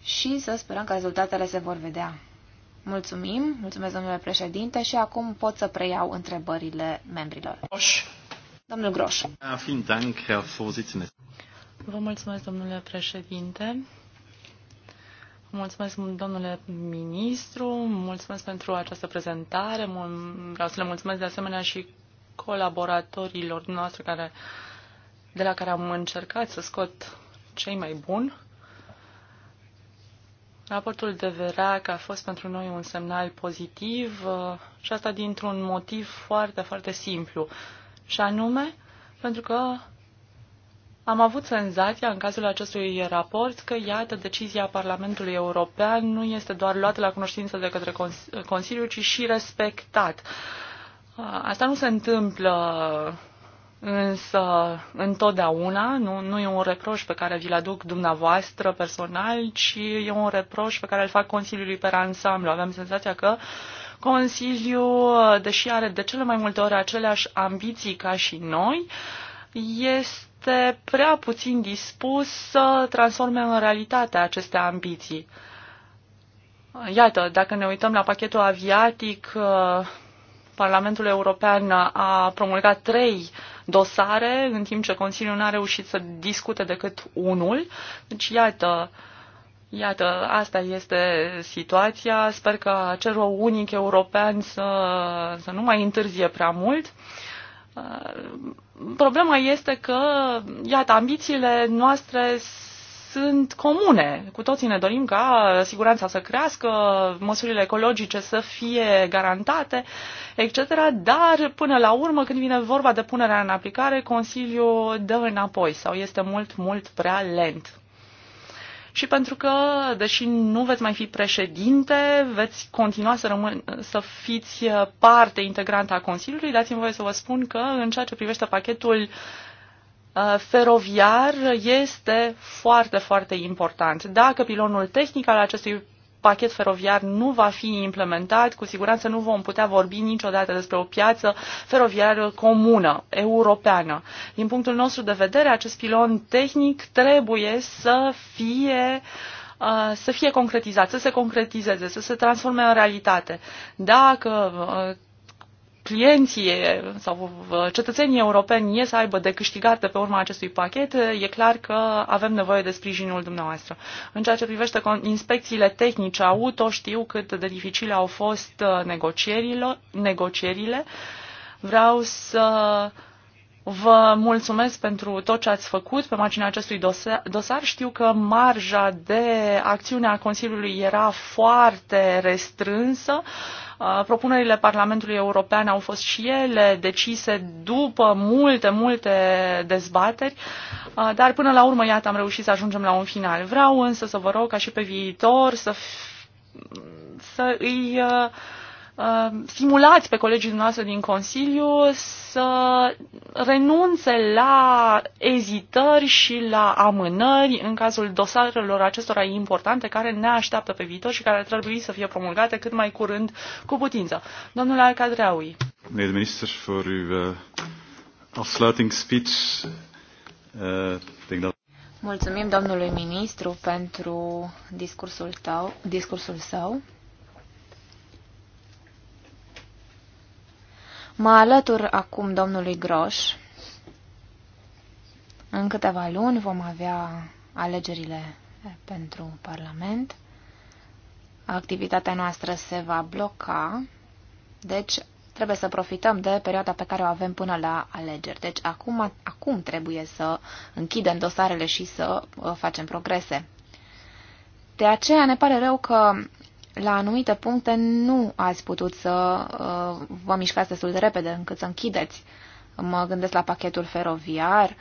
și să sperăm că rezultatele se vor vedea. Mulțumim, mulțumesc domnule președinte și acum pot să preiau întrebările membrilor. Groș. Domnul Groș. Vă mulțumesc, domnule președinte. Mulțumesc, domnule ministru, mulțumesc pentru această prezentare. Vreau să le mulțumesc de asemenea și colaboratorilor noastre care uh, de la care am încercat să scot cei mai buni. Raportul de Verac a fost pentru noi un semnal pozitiv uh, și asta dintr-un motiv foarte, foarte simplu. Și anume, pentru că am avut senzația în cazul acestui raport că, iată, decizia Parlamentului European nu este doar luată la cunoștință de către Consiliu, ci și respectat. Uh, asta nu se întâmplă Însă, întotdeauna, nu, nu e un reproș pe care vi-l aduc dumneavoastră personal, ci e un reproș pe care îl fac Consiliului pe ansamblu. Avem senzația că Consiliul, deși are de cele mai multe ori aceleași ambiții ca și noi, este prea puțin dispus să transforme în realitate aceste ambiții. Iată, dacă ne uităm la pachetul aviatic, Parlamentul European a promulgat trei dosare, în timp ce Consiliul n-a reușit să discute decât unul. Deci, iată, Iată, asta este situația. Sper că acel unic european să, să nu mai întârzie prea mult. Problema este că, iată, ambițiile noastre sunt comune. Cu toții ne dorim ca siguranța să crească, măsurile ecologice să fie garantate, etc. Dar, până la urmă, când vine vorba de punerea în aplicare, Consiliul dă înapoi sau este mult, mult prea lent. Și pentru că, deși nu veți mai fi președinte, veți continua să, rămân, să fiți parte integrantă a Consiliului, dați-mi voie să vă spun că, în ceea ce privește pachetul uh, Uh, feroviar este foarte, foarte important. Dacă pilonul tehnic al acestui pachet feroviar nu va fi implementat, cu siguranță nu vom putea vorbi niciodată despre o piață feroviară comună, europeană. Din punctul nostru de vedere, acest pilon tehnic trebuie să fie uh, să fie concretizat, să se concretizeze, să se transforme în realitate. Dacă uh, clienții sau uh, cetățenii europeni e să aibă de câștigat de pe urma acestui pachet, e clar că avem nevoie de sprijinul dumneavoastră. În ceea ce privește inspecțiile tehnice auto, știu cât de dificile au fost uh, negocierile. Vreau să Vă mulțumesc pentru tot ce ați făcut pe marginea acestui dosar. Știu că marja de acțiune a Consiliului era foarte restrânsă. Uh, propunerile Parlamentului European au fost și ele decise după multe, multe dezbateri, uh, dar până la urmă, iată, am reușit să ajungem la un final. Vreau însă să vă rog ca și pe viitor să, să îi uh, Uh, stimulați pe colegii noastre din Consiliu să renunțe la ezitări și la amânări în cazul dosarelor acestora importante care ne așteaptă pe viitor și care ar trebui să fie promulgate cât mai curând cu putință. Domnule Alcadreaui. Meneer minister, voor eh, speech. Eh, Mulțumim domnului ministru pentru discursul, tău, discursul său. Mă alătur acum domnului Groș. În câteva luni vom avea alegerile pentru Parlament. Activitatea noastră se va bloca, deci trebuie să profităm de perioada pe care o avem până la alegeri. Deci acum, acum trebuie să închidem dosarele și să uh, facem progrese. De aceea ne pare rău că la anumite puncte nu ați putut să uh, vă mișcați destul de repede încât să închideți. Mă gândesc la pachetul feroviar.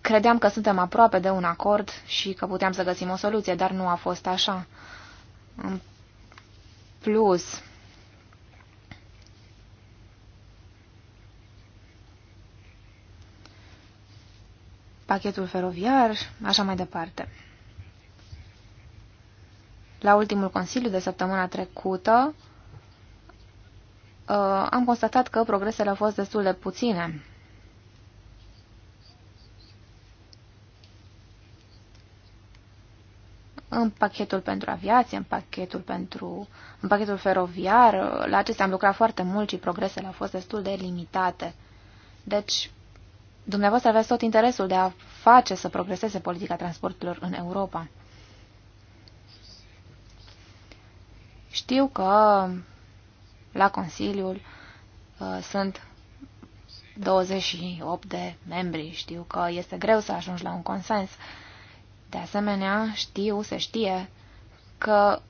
Credeam că suntem aproape de un acord și că puteam să găsim o soluție, dar nu a fost așa. În plus, pachetul feroviar, așa mai departe. La ultimul Consiliu de săptămâna trecută uh, am constatat că progresele au fost destul de puține. în pachetul pentru aviație, în pachetul, pentru, în pachetul feroviar. Uh, la acestea am lucrat foarte mult și progresele au fost destul de limitate. Deci, dumneavoastră aveți tot interesul de a face să progreseze politica transporturilor în Europa. Știu că la Consiliul uh, sunt 28 de membri. Știu că este greu să ajungi la un consens. De asemenea, știu, se știe că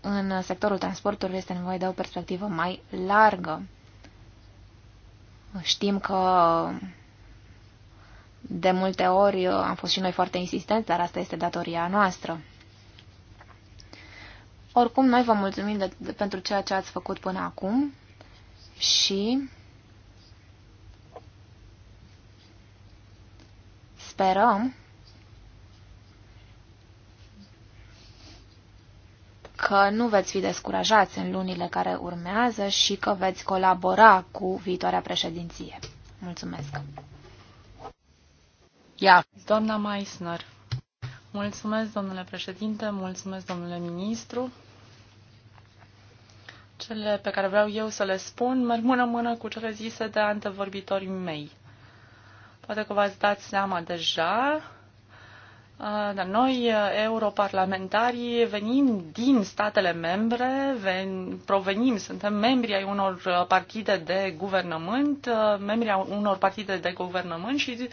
în sectorul transporturilor este nevoie de o perspectivă mai largă. Știm că de multe ori am fost și noi foarte insistenți, dar asta este datoria noastră. Oricum, noi vă mulțumim de, de, pentru ceea ce ați făcut până acum și sperăm că nu veți fi descurajați în lunile care urmează și că veți colabora cu viitoarea președinție. Mulțumesc! Ia, doamna Meissner. Mulțumesc, domnule președinte, mulțumesc, domnule ministru. Cele pe care vreau eu să le spun merg mână-mână cu cele zise de antevorbitorii mei. Poate că v-ați dat seama deja Ah, dar noi, ah, europarlamentarii, venim din statele membre, ven, provenim, suntem membri ai unor ah, partide de guvernământ, membri ai unor partide de guvernământ și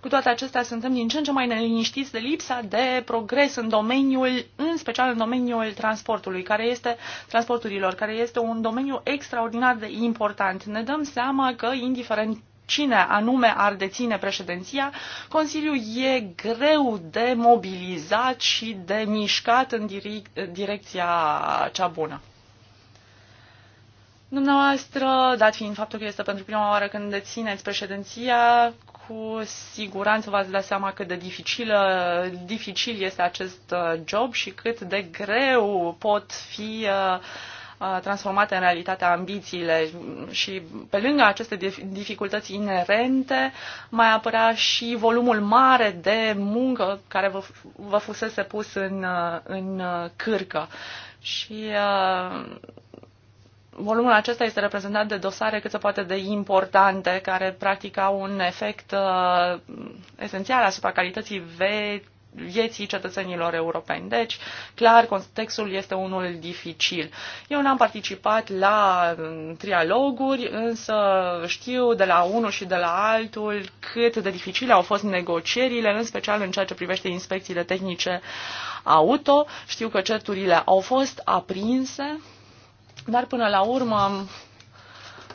cu toate acestea suntem din ce în ce mai neliniștiți de lipsa de progres în domeniul, în special în domeniul transportului, care este transporturilor, care este un domeniu extraordinar de important. Ne dăm seama că, indiferent cine anume ar deține președinția, Consiliul e greu de mobilizat și de mișcat în direcția cea bună. Dumneavoastră, dat fiind faptul că este pentru prima oară când dețineți președinția, cu siguranță v-ați dat seama cât de dificilă, dificil este acest uh, job și cât de greu pot fi uh, transformate în realitate ambițiile și pe lângă aceste dificultăți inerente mai apărea și volumul mare de muncă care vă, vă fusese pus în, uh, în uh, cârcă. Și uh, volumul acesta este reprezentat de dosare cât se poate de importante, care practic au un efect uh, esențial asupra calității vieții vieții cetățenilor europeni. Deci, clar, contextul este unul dificil. Eu n-am participat la mm, trialoguri, însă știu de la unul și de la altul cât de dificile au fost negocierile, în special în ceea ce privește inspecțiile tehnice auto. Știu că certurile au fost aprinse, dar până la urmă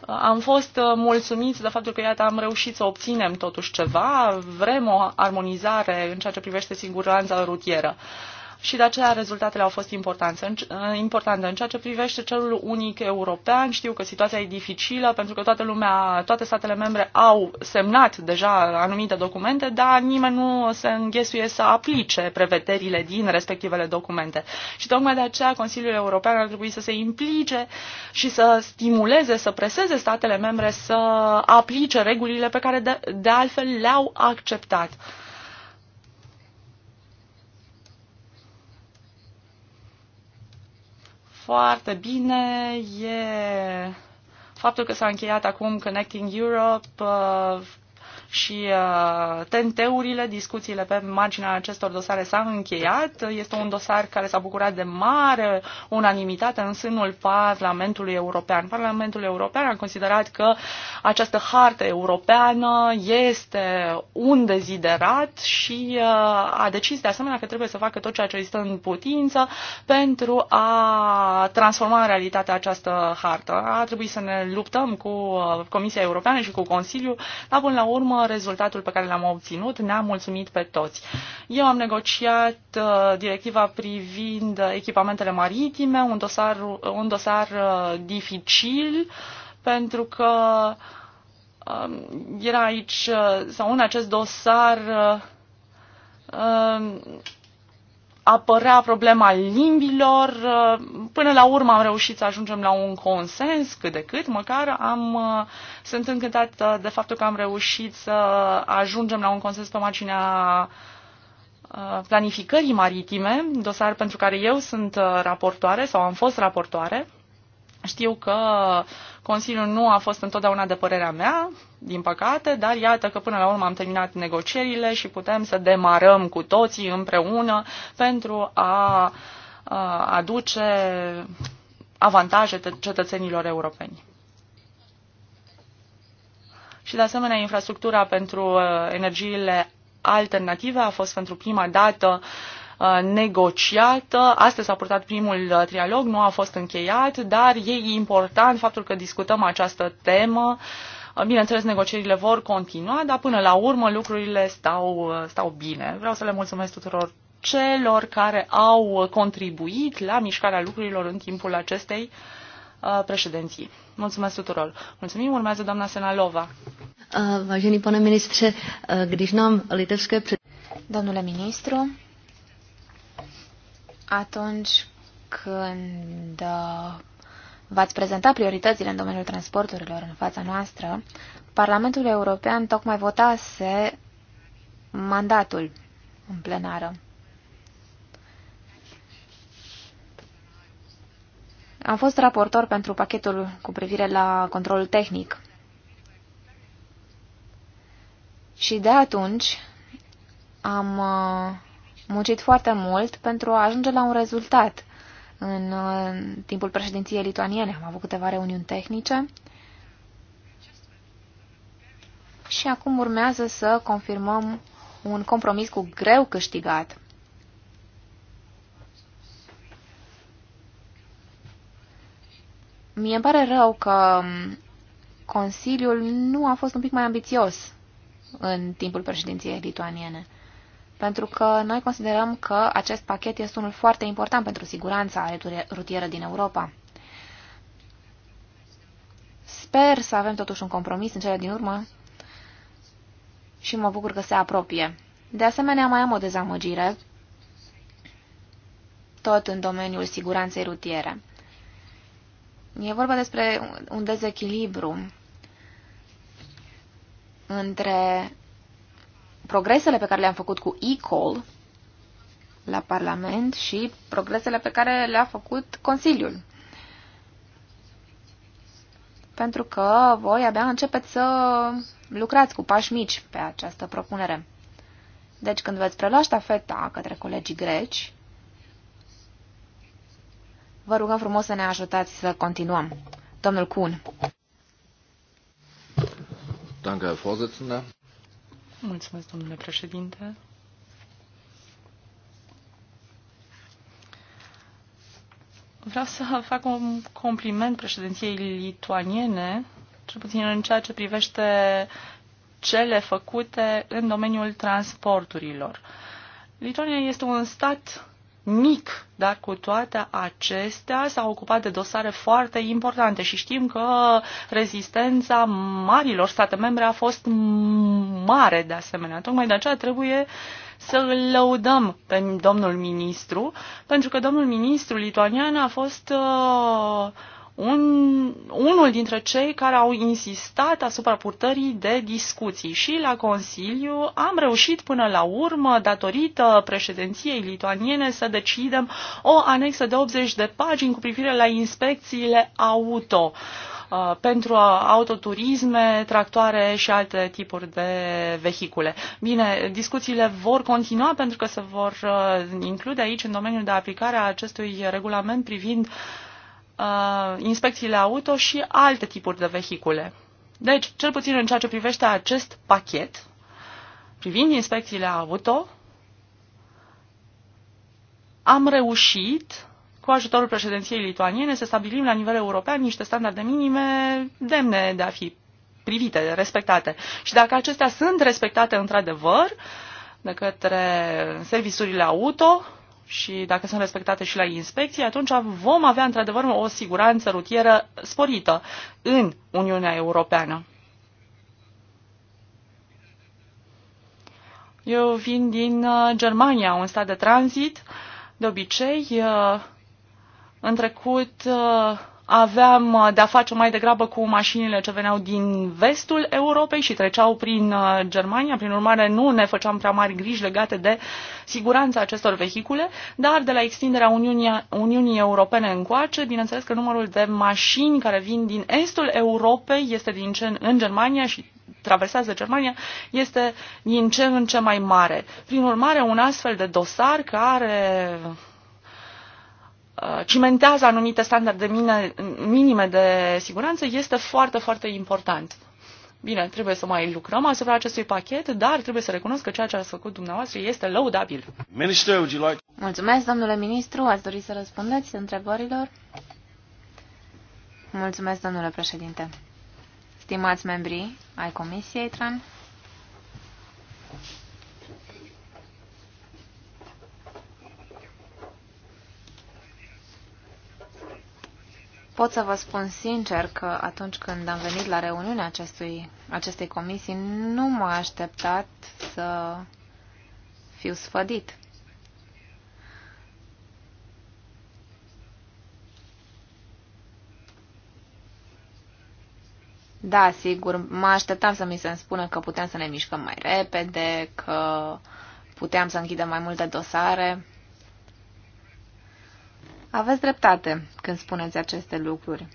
am fost uh, mulțumiți de faptul că, iată, am reușit să obținem totuși ceva. Vrem o armonizare în ceea ce privește siguranța rutieră. Uh, și de aceea rezultatele au fost importante. În ceea ce privește celul unic european, știu că situația e dificilă pentru că toată lumea, toate statele membre au semnat deja anumite documente, dar nimeni nu se înghesuie să aplice prevederile din respectivele documente. Și tocmai de aceea Consiliul European ar trebui să se implice și să stimuleze, să preseze statele membre să aplice regulile pe care de, de altfel le-au acceptat. foarte bine e faptul că s-a încheiat acum Connecting Europe, uh, și uh, tenteurile, discuțiile pe marginea acestor dosare s-au încheiat. Este un dosar care s-a bucurat de mare unanimitate în sânul Parlamentului European. Parlamentul European a considerat că această hartă europeană este un deziderat și uh, a decis de asemenea că trebuie să facă tot ceea ce este în putință pentru a transforma în realitate această hartă. A trebuit să ne luptăm cu uh, Comisia Europeană și cu Consiliul, dar până la urmă rezultatul pe care l-am obținut ne-a mulțumit pe toți. Eu am negociat uh, directiva privind echipamentele maritime, un dosar, uh, un dosar uh, dificil, pentru că um, era aici, sau în acest dosar, um, apărea problema limbilor. Până la urmă am reușit să ajungem la un consens cât de cât, măcar am, sunt încântat de faptul că am reușit să ajungem la un consens pe marginea uh, planificării maritime, dosar pentru care eu sunt uh, raportoare sau am fost raportoare. Știu că uh, Consiliul nu a fost întotdeauna de părerea mea, din păcate, dar iată că până la urmă am terminat negocierile și putem să demarăm cu toții împreună pentru a, a aduce avantaje cetățenilor europeni. Și de asemenea, infrastructura pentru uh, energiile alternative a fost pentru prima dată uh, Uh, negociată. Astăzi s-a purtat primul uh, trialog, nu a fost încheiat, dar e important faptul că discutăm această temă. Uh, bineînțeles, negocierile vor continua, dar până la urmă lucrurile stau, stau bine. Vreau să le mulțumesc tuturor celor care au contribuit la mișcarea lucrurilor în timpul acestei președinții. Mulțumesc tuturor. Mulțumim. Urmează doamna Senalova. Vážený pane ministře, když nám litevské Domnule ministru, atunci când uh, v-ați prezenta prioritățile în domeniul transporturilor în fața noastră, Parlamentul European tocmai votase mandatul în plenară. Am fost raportor pentru pachetul cu privire la controlul tehnic. Și de atunci am uh, muncit foarte mult pentru a ajunge la un rezultat. În uh, timpul președinției lituaniene am avut câteva reuniuni tehnice și acum urmează să confirmăm un compromis cu greu câștigat. Mie îmi pare rău că Consiliul nu a fost un pic mai ambițios în timpul președinției lituaniene pentru că noi considerăm că acest pachet este unul foarte important pentru siguranța rutieră din Europa. Sper să avem totuși un compromis în cele din urmă și mă bucur că se apropie. De asemenea, mai am o dezamăgire, tot în domeniul siguranței rutiere. E vorba despre un dezechilibru între progresele pe care le-am făcut cu e-call la Parlament și progresele pe care le-a făcut Consiliul. Pentru că voi abia începeți să lucrați cu pași mici pe această propunere. Deci când veți prelua ștafeta către colegii greci, vă rugăm frumos să ne ajutați să continuăm. Domnul Kuhn. Danke, Herr Vorsitzender. Mulțumesc, domnule președinte. Vreau să fac un compliment președinției lituaniene, cel puțin în ceea ce privește cele făcute în domeniul transporturilor. Lituania este un stat mic, dar cu toate acestea s-a ocupat de dosare foarte importante și știm că rezistența marilor state membre a fost mare de asemenea. Tocmai de aceea trebuie să îl lăudăm pe domnul ministru, pentru că domnul ministru lituanian a fost uh, un, unul dintre cei care au insistat asupra purtării de discuții și la Consiliu am reușit până la urmă, datorită președinției lituaniene, să decidem o anexă de 80 de pagini cu privire la inspecțiile auto uh, pentru autoturisme, tractoare și alte tipuri de vehicule. Bine, discuțiile vor continua pentru că se vor uh, include aici în domeniul de aplicare a acestui regulament privind uh, uh, inspecțiile auto și alte tipuri de vehicule. Deci, cel puțin în ceea ce privește acest pachet, privind inspecțiile auto, am reușit, cu ajutorul președinției lituaniene, să stabilim la nivel european niște standarde minime demne de a fi privite, respectate. Și dacă acestea sunt respectate într-adevăr de către serviciurile auto, și dacă sunt respectate și la inspecții, atunci vom avea într-adevăr o siguranță rutieră sporită în Uniunea Europeană. Eu vin din uh, Germania, un stat de tranzit. De obicei, uh, în trecut uh, aveam uh, de-a face mai degrabă cu mașinile ce veneau din vestul Europei și treceau prin uh, Germania, prin urmare nu ne făceam prea mari griji legate de siguranța acestor vehicule, dar de la extinderea Uniunii, Uniunii Europene încoace, bineînțeles că numărul de mașini care vin din estul Europei este din ce în Germania și traversează Germania este din ce în ce mai mare. Prin urmare, un astfel de dosar care Uh, cimentează anumite standarde minime de siguranță este foarte, foarte important. Bine, trebuie să mai lucrăm asupra acestui pachet, dar trebuie să recunosc că ceea ce ați făcut dumneavoastră este laudabil. Minister, would you like... Mulțumesc, domnule ministru. Ați dori să răspundeți întrebărilor? Mulțumesc, domnule președinte. Stimați membrii ai Comisiei TRAN, Pot să vă spun sincer că atunci când am venit la reuniunea acestui, acestei comisii, nu m-a așteptat să fiu sfădit. Da, sigur, mă așteptam să mi se spună că puteam să ne mișcăm mai repede, că puteam să închidem mai multe dosare. Aveți dreptate când spuneți aceste lucruri.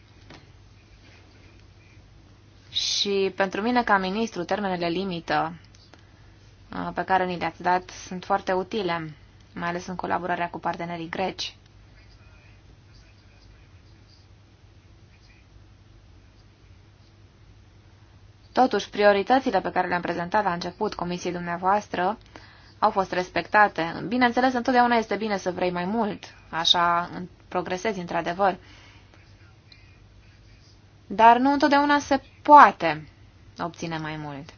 Și pentru mine, ca ministru, termenele limită uh, pe care ni le-ați dat sunt foarte utile, mai ales în colaborarea cu partenerii greci. Totuși, prioritățile pe care le-am prezentat la început Comisiei dumneavoastră au fost respectate. Bineînțeles, întotdeauna este bine să vrei mai mult, așa progresezi într-adevăr. Dar nu întotdeauna se poate obține mai mult.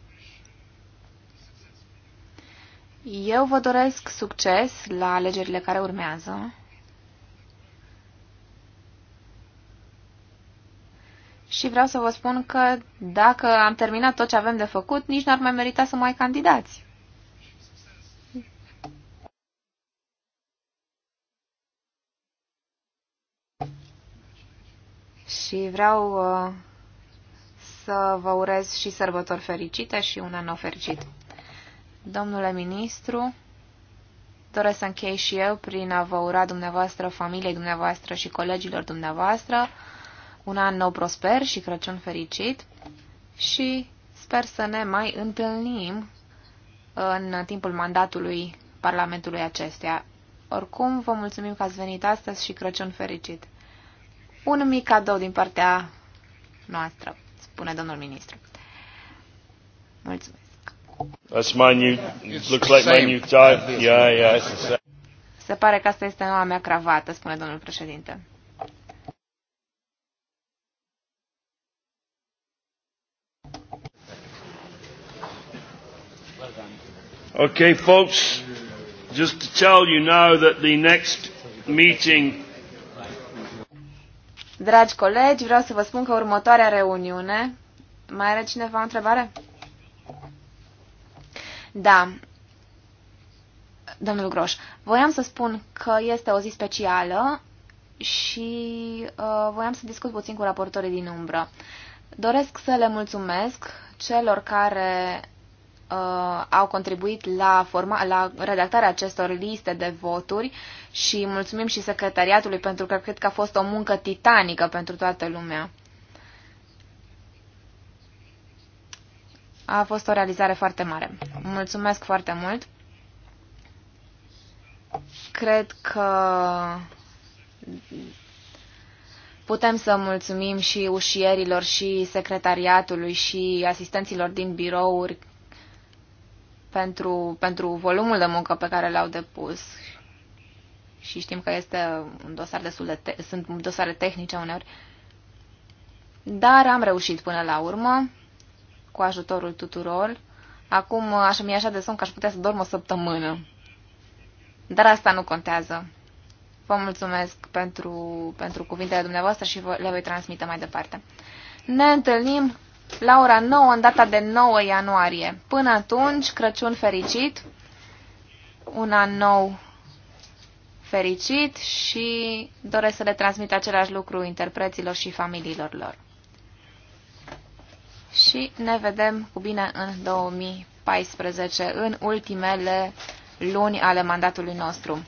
Eu vă doresc succes la alegerile care urmează. Și vreau să vă spun că dacă am terminat tot ce avem de făcut, nici n-ar mai merita să mai candidați. și vreau uh, să vă urez și sărbători fericite și un an nou fericit. Domnule ministru, doresc să închei și eu prin a vă ura dumneavoastră, familiei dumneavoastră și colegilor dumneavoastră un an nou prosper și Crăciun fericit și sper să ne mai întâlnim în timpul mandatului Parlamentului acestea. Oricum, vă mulțumim că ați venit astăzi și Crăciun fericit! Un mic cadou din partea noastră, spune domnul ministru. Mulțumesc. That's my new, looks like my new tie. Yeah, yeah, it's the same. Se pare că asta este noua mea cravată, spune domnul președinte. Okay, folks, just to tell you now that the next meeting Dragi colegi, vreau să vă spun că următoarea reuniune... Mai are cineva o întrebare? Da. Domnul Groș, voiam să spun că este o zi specială și uh, voiam să discut puțin cu raportorii din umbră. Doresc să le mulțumesc celor care uh, au contribuit la, forma, la redactarea acestor liste de voturi și mulțumim și secretariatului pentru că cred că a fost o muncă titanică pentru toată lumea. A fost o realizare foarte mare. Mulțumesc foarte mult. Cred că putem să mulțumim și ușierilor și secretariatului și asistenților din birouri pentru, pentru volumul de muncă pe care l-au depus și știm că este un dosar destul de te- sunt dosare tehnice uneori. Dar am reușit până la urmă, cu ajutorul tuturor. Acum aș mi așa de somn că aș putea să dorm o săptămână. Dar asta nu contează. Vă mulțumesc pentru, pentru cuvintele dumneavoastră și vă, le voi transmite mai departe. Ne întâlnim la ora 9 în data de 9 ianuarie. Până atunci, Crăciun fericit, un an nou fericit și doresc să le transmit același lucru interpreților și familiilor lor. Și ne vedem cu bine în 2014, în ultimele luni ale mandatului nostru.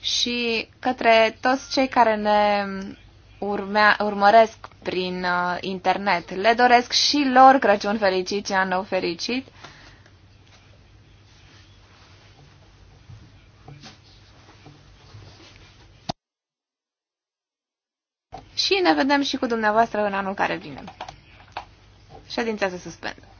Și către toți cei care ne urmea, urmăresc prin uh, internet. Le doresc și lor Crăciun fericit și an nou fericit. Și ne vedem și cu dumneavoastră în anul care vine. Ședința se suspendă.